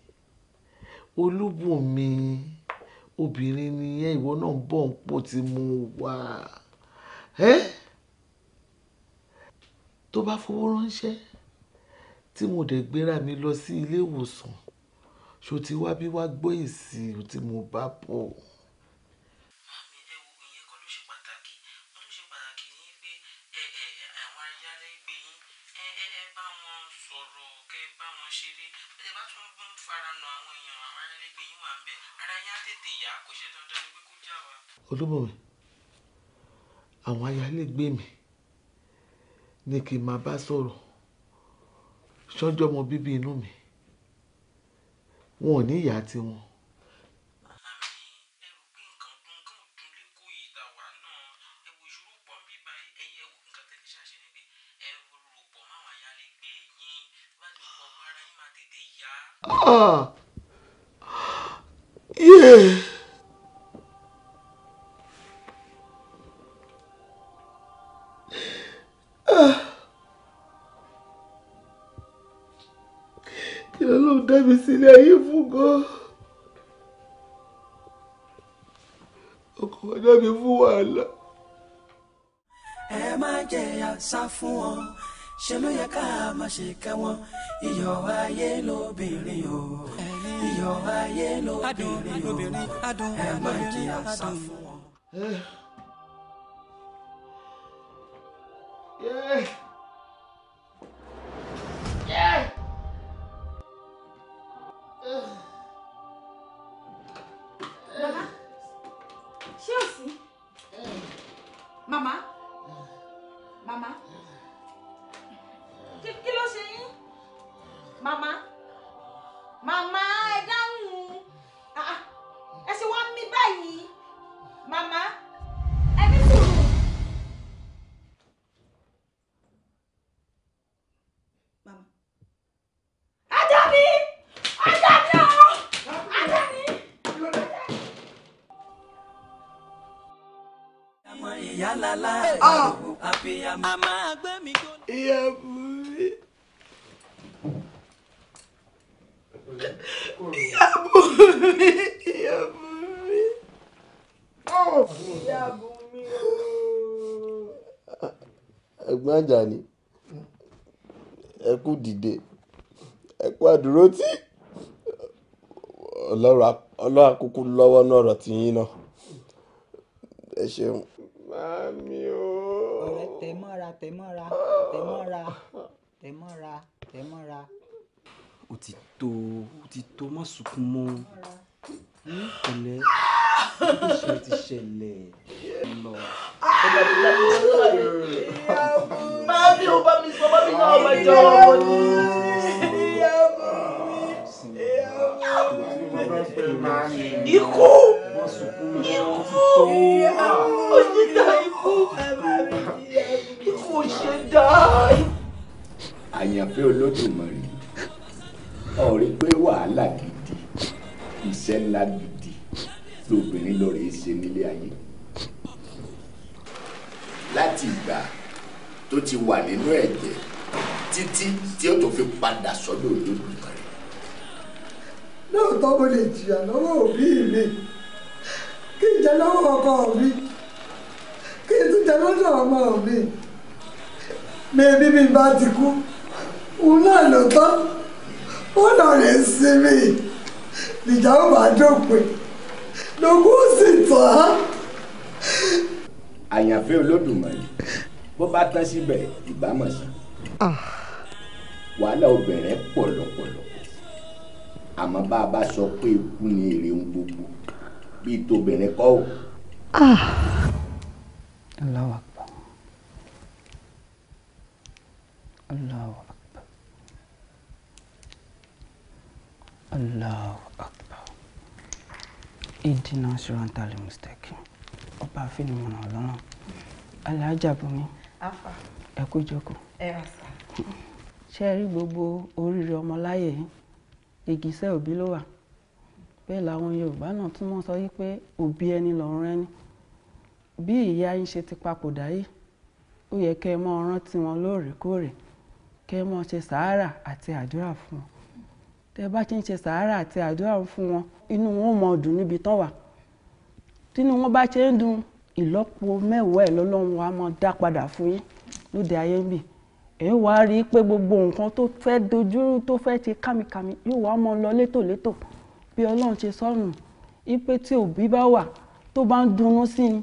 [SPEAKER 11] olúbùnmi obìnrin nìyẹn ìwọ náà ń bọ̀ ń pò tí mo wà ẹ́ tó bá fowó ránṣẹ́ tí mo dẹ̀ gbéra mi lọ sí ilé ìwòsàn ṣó ti wá bí wá gbọ́ èsì tí mo bá bọ̀. olúbùnmi àwọn ayálégbé mi ni kì í máa bá sọ̀rọ̀ sọ́jọ́ ọmọ bíbí inú mi wọn ò ní ìyá tiwọn.
[SPEAKER 2] Ah! Yeah.
[SPEAKER 5] má ṣe kẹ́ wọn iyọ̀ ayé lóbìnrin o iyọ̀ ayé lóbìnrin o ẹ má jìyà sá fún wọn. Eh.
[SPEAKER 8] ẹ̀gbọ́n Àjàní ẹ kú dìde ẹ àdúró tí ọlọ́run akúkú lọ́wọ́ náà ọ̀rọ̀ tí yín náà ẹ ṣeun. Mami
[SPEAKER 9] o. Ọ̀rẹ́ tẹ̀ mọ́ra tẹ̀ mọ́ra tẹ̀ mọ́ra tẹ̀ mọ́ra tẹ̀ mọ́ra. Ó ti tó ó ti tó má mọ́. Pẹ̀lẹ́ iṣẹ́ ti ṣẹlẹ̀
[SPEAKER 2] lọ. máa bí o bá mi sọ bá mi náà máa jẹ ọmọ ní. ikú ikú òṣìṣẹ́ ikú ikú òṣìṣẹ́
[SPEAKER 6] àyànfẹ́ olódùmarè ọ̀rẹ́ pé wàhálà gidi iṣẹ́ ńlá gidi tí obìnrin lọ rèé ṣe nílé ayé láti ìgbà tó ti wà nínú ẹ̀jẹ̀ títí tí ó tó fi padà sọ́dọ̀ Olódùmarè.
[SPEAKER 3] lóòótọ́ mo lè jìyà lọ́wọ́ òbí mi kí n jẹ lọ́wọ́ ọkọ mi kí n tún jẹ lọ́dọ̀ ọmọ mi mẹ́bí mi bá ti kú òun náà ló tán ó lọ rẹ̀ sinmi ìjà ó bá dópin lògùn
[SPEAKER 2] sì tán.
[SPEAKER 6] àyànfẹ́ olódùmarè bó bá tán síbẹ̀ ìbámọ̀ sí. Ah. wàhálà obìnrin pọ̀ lọ́pọ̀lọpọ̀ àmọ́ bá a bá sọ pé ikú ni èrè ń gbogbo bíi tobìnrin kọ́ ò.
[SPEAKER 2] Ah. Allahu Akbar Allahu Akbar
[SPEAKER 12] Allahu Akbar ìdènà ṣùrọ̀ǹtàlì mistake ọba àfihàn ọlọ́run aláàjà bùnmi ẹ kú jókòó ṣe rí gbogbo oríire ọmọláyè yìí ìgìsẹ́ òbí ló wà bẹ́ẹ̀ làwọn yorùbá náà tún mọ̀ sọ wípé òbí ẹni lọ́rùn ẹni bí ìyá yín ṣe ti papòdà yìí ó yẹ kẹ́ ẹ mọ́ rántí wọn lóòrèkóòrè kẹ́ ẹ mọ́ ṣe sàárà àti àdúrà fún wọn tẹ́ bá ti ń ṣe sàárà àti àdúrà fún wọn inú wọn mọ ọdún níbi tán wà tínú wọn bá ṣe ń dun ìlọ́po mẹ́wàá ẹ̀ lọ́lọ́run wa máa dá padà fún yín lóde ayé ń bì ẹ̀ wá rí i pé gbogbo nǹkan tó fẹ́ dojúrú tó fẹ́ ti kámikámi yóò wá mọ lọ létòlétò bí ọlọ́run ṣe sọ́nù ipe tí òbí bá wà tó bá ń dunnú sí i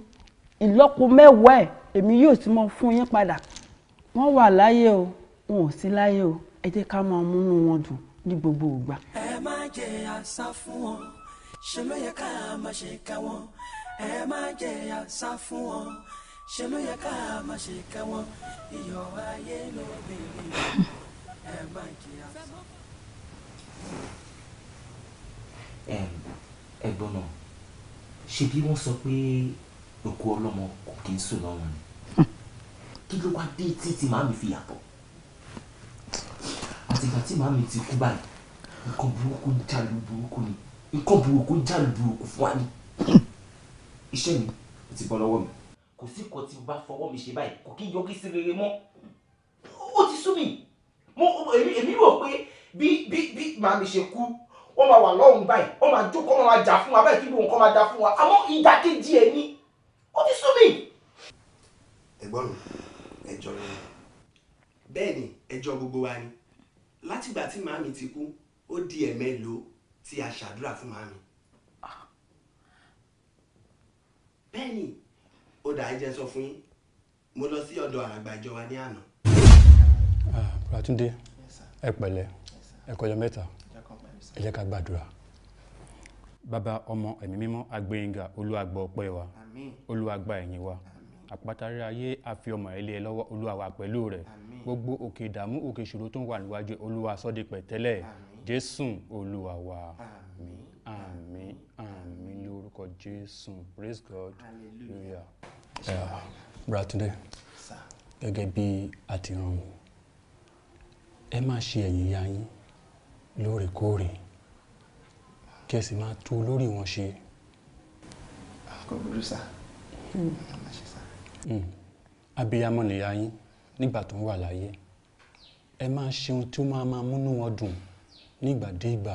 [SPEAKER 12] ìlọ́po mẹ́wàá ẹ̀ èmi yóò ti mọ fún yín padà wọ́n wà láyé o wọn ò sí láyé o ẹ jẹ́ ká máa múnú wọn dùn ní gbogbo ìgbà. ẹ má jẹ́ àṣà fún ọ ṣe ló yẹ ká máa ṣe ká
[SPEAKER 5] wọn ẹ máa jẹ àṣà fún wọn ṣe ló yẹ ká máa ṣe ká wọn iyọ̀ ayé ló bèrè ẹ máa jẹ àṣà.
[SPEAKER 10] ẹ̀gbọ́n náà ṣe bí wọ́n sọ pé òkú ọlọ́mọ kò kí ń sùn lọ́rùn ni kí ló wá dé títí màmí fi yàtọ̀ àtìgbà tí màmí ti kú báyìí nǹkan burúkú ń jalè burúkú ni nǹkan burúkú jàǹdù burúkú fún wa ni iṣẹ́ mi ó ti bọ́ lọ́wọ́ mi kò sí nǹkan tí mo bá fọwọ́ mi ṣe báyìí kò kí n yọrí sí rere mọ́ ó ti sú mi mo èmi rò pé bí bí bí màá mi ṣe kú wọ́n máa wà lọ́hùn báyìí wọ́n máa jókòó wọ́n máa jà fún wa báyìí kí gbogbo nǹkan máa jà fún wa àmọ́ ìdàkejì ẹ̀ ni ó ti sú mi.
[SPEAKER 6] ẹ̀gbọ́n mi ẹjọ́ rẹ̀
[SPEAKER 8] bẹ́ẹ̀ ni ẹjọ́ gbogbo wa ni látìgbà tí màá mi ti kú ó di ẹ̀mẹ́lòó tí a ṣàdúrà fún màmí. Ah. bẹ́ẹ̀ni ó dà ẹjẹ sọ fún yín mo lọ sí ọ̀dọ̀ àràgbà ìjọ wa ní àná.
[SPEAKER 4] Ah, Bàtúndé ẹ pẹ̀lẹ́ ẹ kọjọ mẹ́ta ẹ jẹ́ ká gbàdúrà. bàbá ọmọ ẹ̀mí mímọ́ agbẹ́yìngà olúwa gbọ́ ọpẹ́ wa olúwa ẹ̀yìn wa àpátárí ayé àfi ọmọ ilé ẹ lọ́wọ́ olúwa pẹ̀lú rẹ̀ gbogbo òkè ìdààmú òkè ìṣòro tó ń wà níwájú olúwa sọ́dí pẹ̀tẹ́lẹ̀ jésù olúwa wa àmín àmín àmín lórúkọ jésù praise god hallelujah. Yeah. Bratunde gẹ́gẹ́ bí a ti ràn wọ́n ẹ máa ṣe ẹ̀yìn ya yín lóòrèkóòrè kí ẹ sì máa tú olórí wọn ṣe. kò burú sá abiyamọ nìyá yín nígbà tó ń wà láyé ẹ máa ṣe tí ó máa máa múnú wọn dùn nígbàdégbà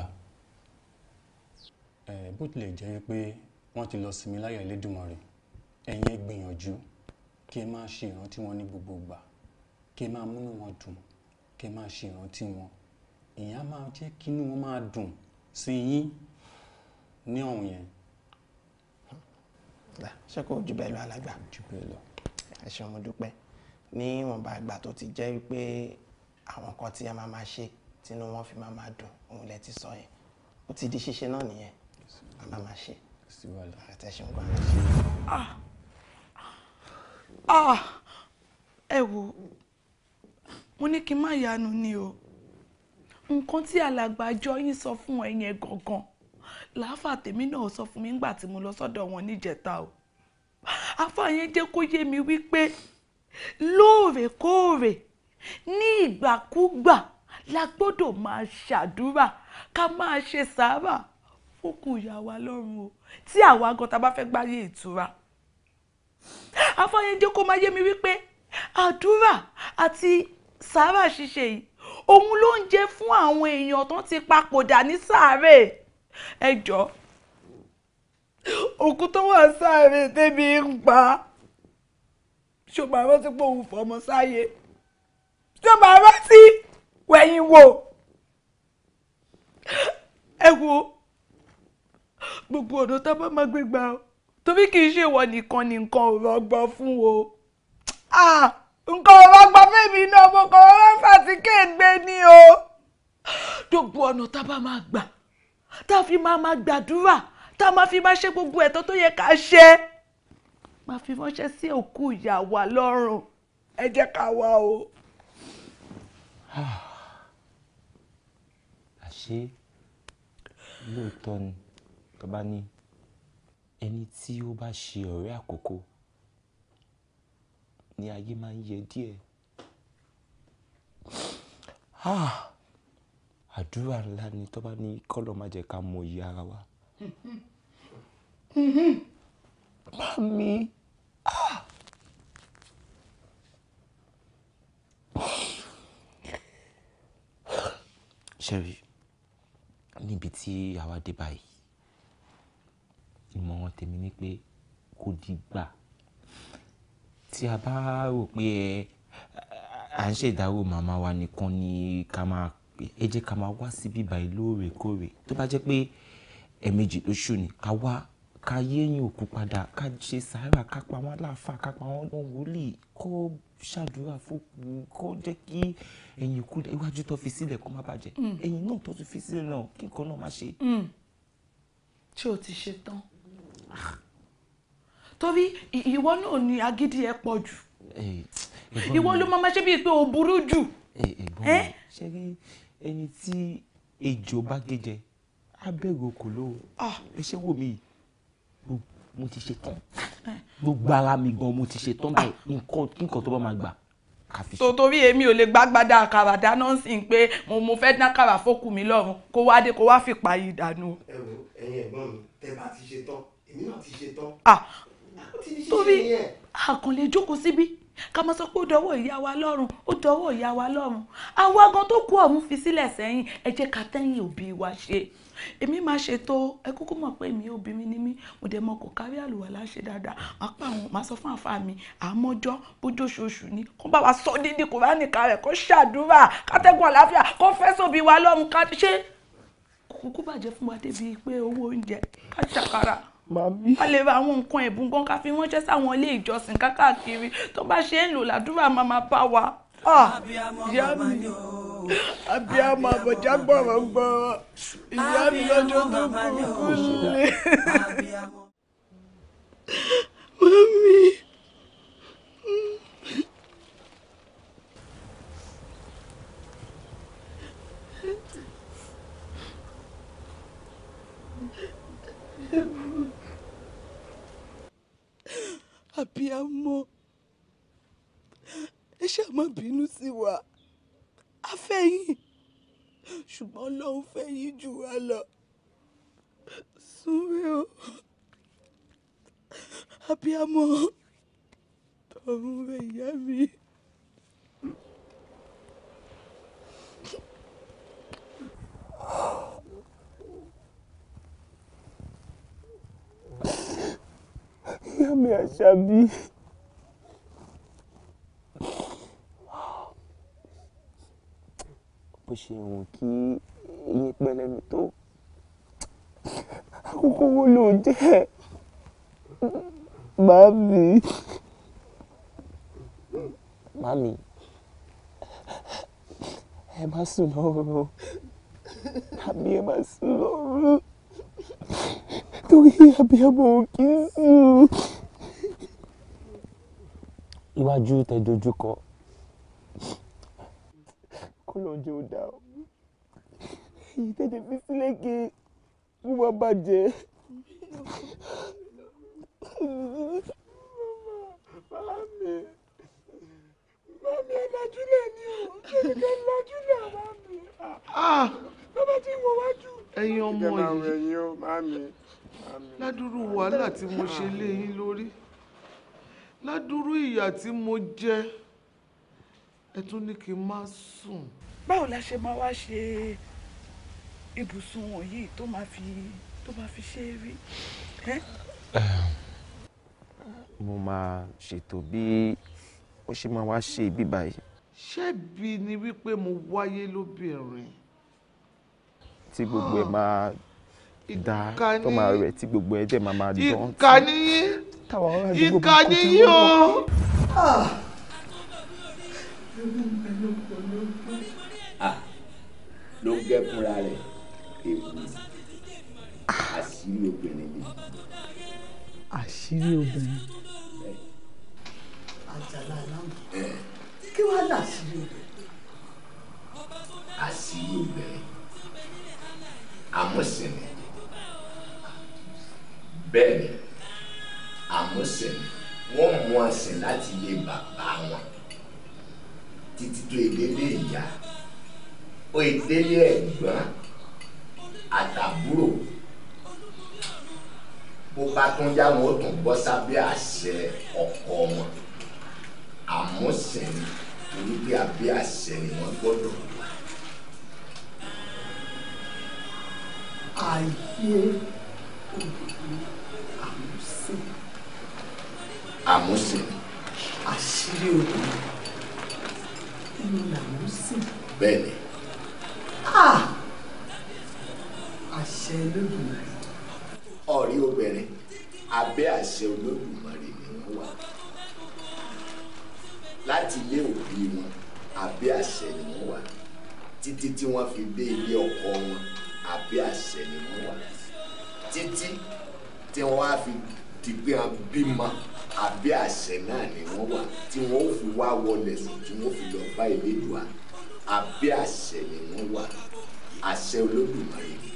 [SPEAKER 4] ẹ̀ bó tilẹ̀ jẹ́ wípé wọ́n ti lọ sinmi láyà Elédùmarè ẹ̀yin ẹ gbìyànjú kí ẹ máa ṣe ìrántí wọn ní gbogbo ìgbà kí ẹ máa múnú wọn dùn kí ẹ máa ṣe ìrántí wọn ìyẹn á máa jẹ́ kí inú wọn máa dùn sí yín ní ọ̀hún yẹn.
[SPEAKER 8] ṣé kò jù bẹ́ẹ̀ lọ alàgbà jù bẹ́ẹ̀ lọ. ẹ ṣé mo dúpẹ́ níwọ̀nba ìgbà tó ti jẹ́ wípé àwọn kan tí a máa máa ṣe tínú wọn fi máa máa dùn òun lẹ ti sọ yẹn ó ti di ṣíṣe náà nìyẹn a máa máa ṣe àtẹ̀sùn
[SPEAKER 2] gbọ́n mi. ẹ ah,
[SPEAKER 1] ah, ah, wo mo ní kí n má yanu ni o nǹkan tí alàgbà àjọ yín sọ fún ẹ yẹn gangan làáfà tèmi náà sọ fún mi nígbà tí mo lọ sọ́dọ̀ wọn níjẹta o àfà yẹn jẹ́ kó yé mi wípé lóòrèkóòrè ní ìgbàkúgbà la gbọ́dọ̀ máa ṣàdúrà ká máa ṣe sàárà fókù ìyá wa lọ́rùn o tí àwa gan ta bá fẹ́ gbáyé ìtura afọyẹnjẹ kó máa yé mi wípé àdúrà àti sàárà ṣíṣe yìí òun ló ń jẹ fún àwọn èèyàn tó ti papòdà ní sàárè ẹ jọ̀ọ́ òkú tó wà sáré débi ń pa ṣùgbọ́n àwọn ti pòun fọmọ sáyé ṣùgbọ́n àwọn wẹ̀yìn wò ẹ wo gbogbo ọ̀dọ́ tá a bá máa gbé gbà ó torí kì í ṣe ìwọ nìkan ni nǹkan ò rọgbọ fún o ah, nǹkan ò rọgbọ fẹ́mi náà mo kàn wọ́n fàtí kéègbé ni o gbogbo ọ̀nà tá a bá máa gbà tá a fi máa máa gbàdúrà tá a máa fi máa ṣe gbogbo ẹ̀tọ́ tó yẹ ká ṣe máa fi ránṣẹ́ sí òkú ìyá wa ẹ jẹ́ ká wá o. Ah
[SPEAKER 10] ṣé lóòótọ́ ni? Tọ́ bá ní ẹni tí ó bá ṣe ọ̀rẹ́ àkọ́kọ́ ní ayé máa ń yẹ díẹ̀. Ah! Àdúrà ńlá ni tọ́ bá ní kọ́ lọ́run má jẹ ká mọ iye ara wa.
[SPEAKER 2] Màámi! Ah!
[SPEAKER 10] Ṣẹ̀rí, níbi tí àwa dé báyìí ìmọ̀ràn tèmi ni pé kò dìgbà tí a bá rò pé à ń ṣèdárò màmá wa nìkan ni ká máa pè é jẹ́ ká máa wá síbí báyìí lóòrèkóòrè tó bá jẹ́ pé ẹ̀ẹ̀mejì lóṣù ni ká wá ká yéèyàn òkú padà ká ṣe sàárà ká pa wọn láàfà ká pa wọn lọ́wọ́lì kó ṣàdúrà fókù kó jẹ́ kí ẹ̀yìn kú iwájú tó fi sílẹ̀ kó má bàjẹ́ mm. ẹ̀yìn náà tó ti fi sílẹ̀ náà kí nǹkan náà má ṣe.
[SPEAKER 1] tí mm. o ti ṣe tán ah. torí ìwọ náà ni agídí ẹ pọ̀ jù ìwọ ló máa ṣe bíi pé o burú jù. ṣe rí
[SPEAKER 10] ẹni tí ejò bá gé jẹ á bẹ̀rù okòó ló ah. ẹ ṣe wò mí yìí mo ti ṣe tán eh. gbogbo ara mi gan mo ti ṣe tán báyìí nǹkan nǹkan tó bá máa gbà kàfi.
[SPEAKER 1] tó torí èmi ò lè gbàgbádà àkàrà dáná sí i pé mo mo fẹ́ dákàrà fókù mi lọ́rùn kó wá dé kó wá fìpa yìí dànù.
[SPEAKER 8] ẹ wo ẹ̀yin ẹ̀gbọ́n mi tẹ bá ti ṣe tán èmi náà ti ṣe tán.
[SPEAKER 1] ah torí àkànlè jókòó síbí ká máa sọ pé ó dọwọ́ ìyá wa lọ́rùn ó dọwọ́ ìyá wa lọ́rùn àwa gan tó kú ọ̀run fi sílẹ̀ sẹ́yìn ẹ ká tẹ́yìn òbí wa ṣe èmi máa ṣètò ẹ kúkú mọ̀ pé èmi obìnrin ni mí mo dẹ̀ mọ kò kárí àlùwàlá ṣe dáadáa máa pa àwọn máa sọ fún àfa mi àmọ́jọ́ bójóṣooṣù ni kó bá wa sọ dídí kò bá nìka rẹ̀ kó ṣàdúrà kátẹ́gùn àlàáfíà kó fẹ́ sóbi wa lọ́run ká ṣe kúkú bàjẹ́ fún wa débi pé owó oúnjẹ ká ṣàkàrà màmí. a lè ra àwọn nǹkan ẹ̀bùn gan ká fi ránṣẹ́ sáwọn ilé ìjọsìn kákàkiri tó bá ṣe ń lò ládùúrà máa máa bá wa. Ah, ìyá mi abiyamọ àbọ̀já gbọ̀rọ̀ gbọ̀rọ̀
[SPEAKER 2] ìyá mi lọ́jọ́ tó kúkú lé. mami.
[SPEAKER 1] abiyamọ ẹ ṣáà má bínú sí wa a fẹ́ yín ṣùgbọ́n Ọlọ́run fẹ́ yín jù wá lọ súnmí o abiyamọ ọ̀run rẹ̀ ìyá mi.
[SPEAKER 2] Ìyá mi Àṣàbí.
[SPEAKER 10] bó ṣe wù kí iye pẹlẹmi tó àkókò wo ló jẹ́ màmí màmí ẹ má sùn lọ́rùn màmí ẹ má sùn lọ́rùn
[SPEAKER 8] torí abiyamọ ò kí
[SPEAKER 10] sùn. iwájú tẹ dojú kọ
[SPEAKER 8] kó lọ́n jẹ́ ó dá o èyí tẹ́tẹ́ fi sílẹ̀ ké mo máa bàjẹ́.
[SPEAKER 2] màmá mi mami ẹlajúlẹ̀ ni o jẹ́nìkẹ́ ẹlajúlẹ̀ mami. Ah! bàbá tí wọ́n wájú. ẹ̀yin ọmọ yìí ládùúrú wàhálà tí mo
[SPEAKER 11] ṣe lé yín lórí ládùúrú ìyà tí mo jẹ ẹ tún ní kí n má sùn.
[SPEAKER 1] báwo la ṣe máa wá ṣe ibùsùn wọ̀nyí tó máa fi tó máa fi ṣe é rí.
[SPEAKER 10] mo máa ṣètò bí ó ṣe máa wá ṣe ibi báyìí.
[SPEAKER 11] ṣebí ni wípé mo wáyé lóbìnrin. tí gbogbo ẹ̀ máa da tó rẹ̀ tí gbogbo ẹ̀ dẹ̀ máa dán. ìkànnì
[SPEAKER 3] yín ìkànnì yín o. Ah,
[SPEAKER 6] ló ń gẹ́ fúnra rẹ̀ èwù àṣírí obìnrin ni.
[SPEAKER 3] àṣírí obìnrin. àjàlá aláwọ̀ kí wàá là àṣírí obìnrin.
[SPEAKER 6] àṣírí obìnrin àmúsìnì bẹ́ẹ̀ ni àmúsìnì wọ́n mú àsìn láti ilé bàbá wọn títí tó ìdílé ìyá ó ìdílé ẹ̀gbọ́n àtàbúrò bó bá tún yá wọn ó tún bọ́ sábẹ́ àṣẹ ọkọ wọn àmọ́ sẹ́ni torí pé abẹ́ àṣẹ ni wọ́n gbọ́dọ̀ wà. àyè àmúṣe àmúṣe àṣírí òdòdó ẹni làwọn ń sìn. bẹ́ẹ̀ni. Ah! àṣẹ Olódùmarè. ọ̀rí obìnrin
[SPEAKER 2] abẹ́ àṣẹ Olódùmarè ni wọ́n wà láti ilé òbí
[SPEAKER 6] wọn abẹ́ àṣẹ ni wọ́n wà títí tí wọ́n fi dé ilé ọkọ wọn abẹ́ àṣẹ ni wọ́n wà títí tí wọ́n á fi dìgbé bímọ abẹ́ àṣẹ náà ni wọ́n wà tí wọ́n ó fi wá wọlé sùn tí wọ́n fi lọ bá Elédùà abẹ́ àṣẹ ni wọ́n wà àṣẹ Olódùmarè ni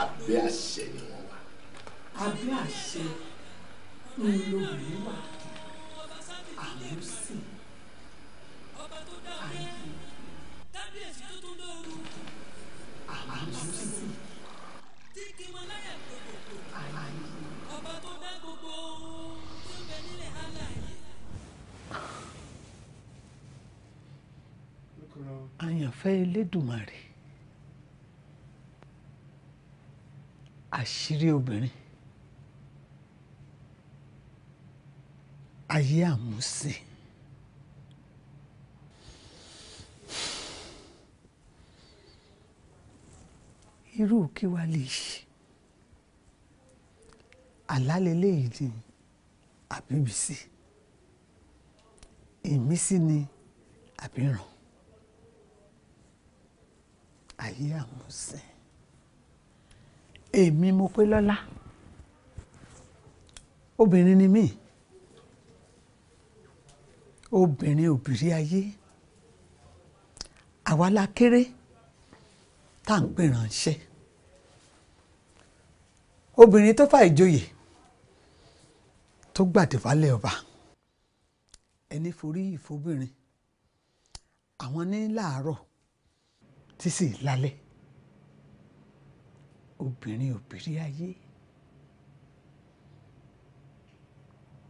[SPEAKER 6] abẹ́ àṣẹ ni wọ́n wà. abẹ́ àṣẹ ni lóbìnrin wà àmúsìn.
[SPEAKER 3] àyànfẹ́ Elédùmarè àṣírí obìnrin ayé àmúsìn. irú kí wàá lè ṣe àlálẹ́lẹ́ yìí ni àbíbísí èmi sì ni àbíràn ayé àmúsìn èmi mo pé lọ́lá obìnrin ni mí obìnrin òbírí ayé àwa la kéré tá à ń pè ránṣẹ́ obìnrin tó fà ìjòyè tó gbàdéwálẹ̀ ọba ẹni forí ìfobìnrin àwọn ní láàárọ̀ tí sì lálẹ́ obìnrin òbírí ayé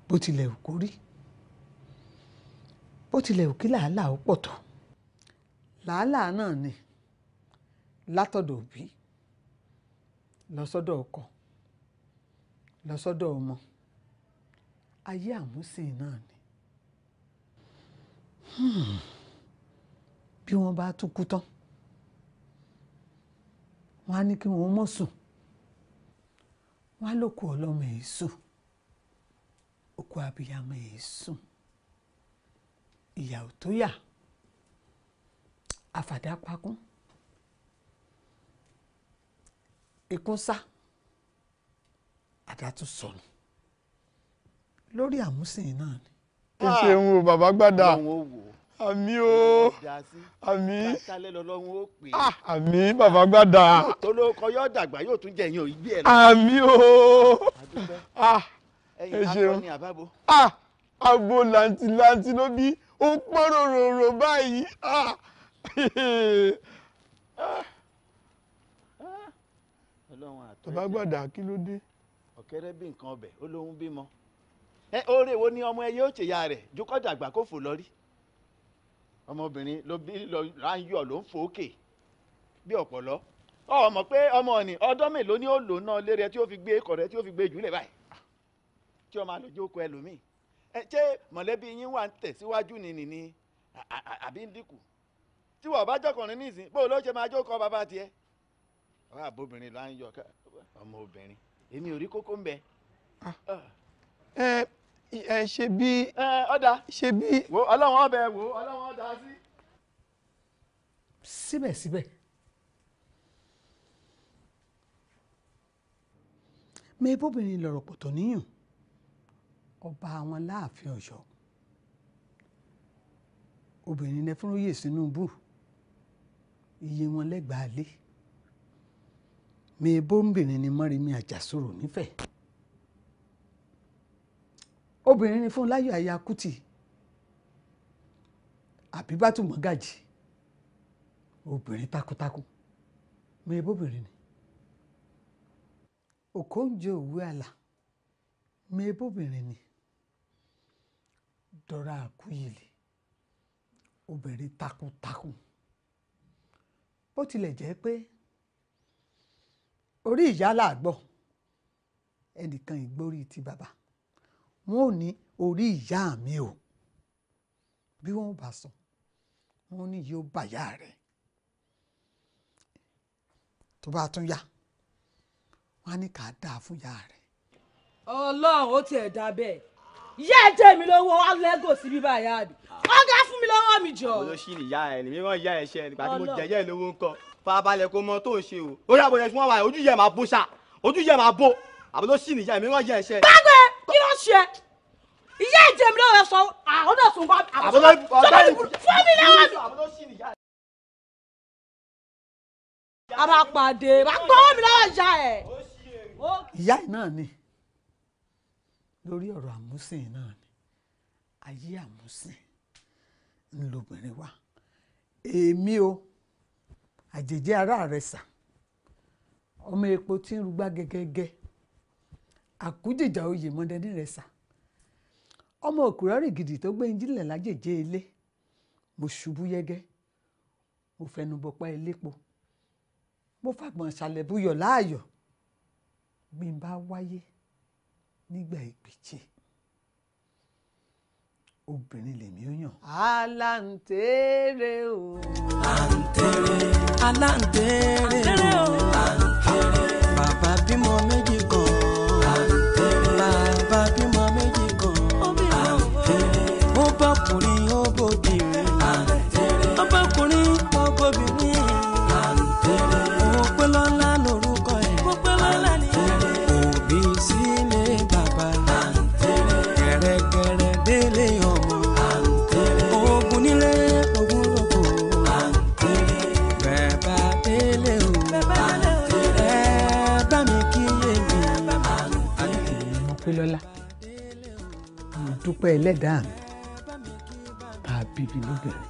[SPEAKER 3] bó tilẹ̀ ò kórí bó tilẹ̀ ò kí làálàá ó pọ̀ tó làálàá náà ni látọ̀dọ̀ òbí lọ́sọ́dọ̀ ọkọ lọ́sọ́dọ̀ ọmọ ayé àmúsìn náà ni hmm. bí wọ́n bá tún kú tán wọ́n á ní kí wọ́n mọ̀ sùn wọ́n á lòkù ọlọ́mọ yìí sùn òkú abiyamọ yìí sùn ìyàwó tó yà àfàdá pakún ikún sọnù lórí àmúsìn náà ni. ó ṣeun o bàbá gbàdá. ọ̀hún ó wò ó àmì o àmì àmì ah, bàbá gbàdà.
[SPEAKER 11] tolóko yóò dàgbà yóò àmì o ah, ẹ ṣeun
[SPEAKER 8] ah, abo làǹtìlàǹtì ló bí ó pọ́n ròròrò báyìí.
[SPEAKER 3] bàbá gbàdà kí ló dé.
[SPEAKER 11] ọ̀kẹ́rẹ́ bí nǹkan ọbẹ̀ ó lóun bímọ. ẹ oore wo ni ọmọ ẹ yóò ṣèyá rẹ̀ jókòó dàgbà kó fò lọ rí ọmọbìnrin ló bí lọ ráyọ ló ń fòókè bí ọ̀pọ̀lọ́ ọ mọ̀ pé ọmọ ni ọdún mélòó ni ó lò náà lérè tí ó fi gbé kọ̀rẹ́ tí ó fi gbé jùlẹ̀ báyìí tí ọmọ àlejò kọ ẹlòmíì ẹ ṣé mọ̀lẹ́bí yín wà ń tẹ̀síwájú ni nìní àbí ń dínkù tí wọ́n bá jọkùnrin nísìn bó ló ṣe máa jókòó bàbá tiẹ̀ ọ̀rọ̀ àbóbìnrin là ń yọ ọmọ obìnrin èmi ò rí kókó ń bẹ.
[SPEAKER 8] Ah. ẹ ẹ ṣe bí. ọ̀dà ṣe bí. wo ọlọ́wọ́n ọbẹ̀ wo
[SPEAKER 11] ọlọ́wọ́n síbẹ̀síbẹ̀
[SPEAKER 3] mẹ́bọ́bìnrin lọ̀rọ̀ pọ̀ tó níyàn ọba àwọn láàfin ọ̀yọ́ obìnrin lẹ́fúnróyè sínúbù iye wọn lẹ́gbàá lé mẹ́bọ́bìnrin ni mọ́rìmí àjàsòrò nífẹ̀ẹ́ obìnrin ni fúnláyọ̀ aya kùtì àbíbátù mọ́gàjì obìnrin takuntakun mi ebóbìnrin ni òkóúnjẹ òwe àlà mi ebóbìnrin ni Dora Akunyili obìnrin takuntakun bó tilẹ̀ jẹ́ pé orí ìyá làgbọ́ ẹnìkan ìgbórí ti bàbá wọn ò ní orí ìyá mi o bí wọn ò bá sọ wọn ní yóò bàyá rẹ̀ tó bá tún yá wọn á ní ká dáa fún ìyá rẹ.
[SPEAKER 1] ọlọ́run ó tiẹ̀ dá bẹ́ẹ̀ ìyá ẹ̀ jẹ́ mi lówó alẹ́gò síbí báyìí àbí ọ̀gá fún mi lọ́wọ́
[SPEAKER 8] mi jọ. olóṣì ni ìyá ẹ nìyí wọn ìyá ẹ ṣe ẹni pàtó mo jẹjẹ lówó ń kọ farabalẹ̀ kó mọ tó ń ṣe o ó yàgò yẹn fún wa ojú yẹ máa bó ṣá ojú yẹ máa bó àbí olóṣì ni ìyá ẹ mi wọn ìyá ẹ ṣe. gbàgbé
[SPEAKER 1] kí ló ṣe ìyá ẹ̀ jẹ́ mi lọ́wọ́ sọ àwọn ọ̀dọ̀ sùn kọ́ àbúrò
[SPEAKER 2] fún mi lọ́wọ́
[SPEAKER 12] mi. a máa pàdé máa e! mi lọ́wọ́ ìyá ẹ̀.
[SPEAKER 3] ìyá ẹ̀ náà ni lórí ọ̀rọ̀ àmúsìn náà ayé àmúsìn ń wa èmi o àjèjì ara rẹ sà ọmọ epo tí ń rúgbá gẹ́gẹ́gẹ́ àkújìjà oyè mọ́dẹ́ni rẹ̀ sà ọmọ òkúrọ́rì gidi tó gbé lájèjì ilé mo ṣubú yẹ́gẹ́ mo fẹnu bọ́pá mo fàgbọ̀n ṣàlẹ̀bùyọ̀ láàyò bí bá wáyé nígbà
[SPEAKER 11] ìpèjì
[SPEAKER 1] obìnrin lèmi ó yàn.
[SPEAKER 5] aláǹtẹ̀rẹ̀ o. àǹtẹ̀rẹ̀ aláǹtẹ̀rẹ̀ o. àǹtẹ̀rẹ̀ bàbá bímọ méjì kan.
[SPEAKER 3] dúpẹ́ ẹlẹ́dàá mi tá a lóbìnrin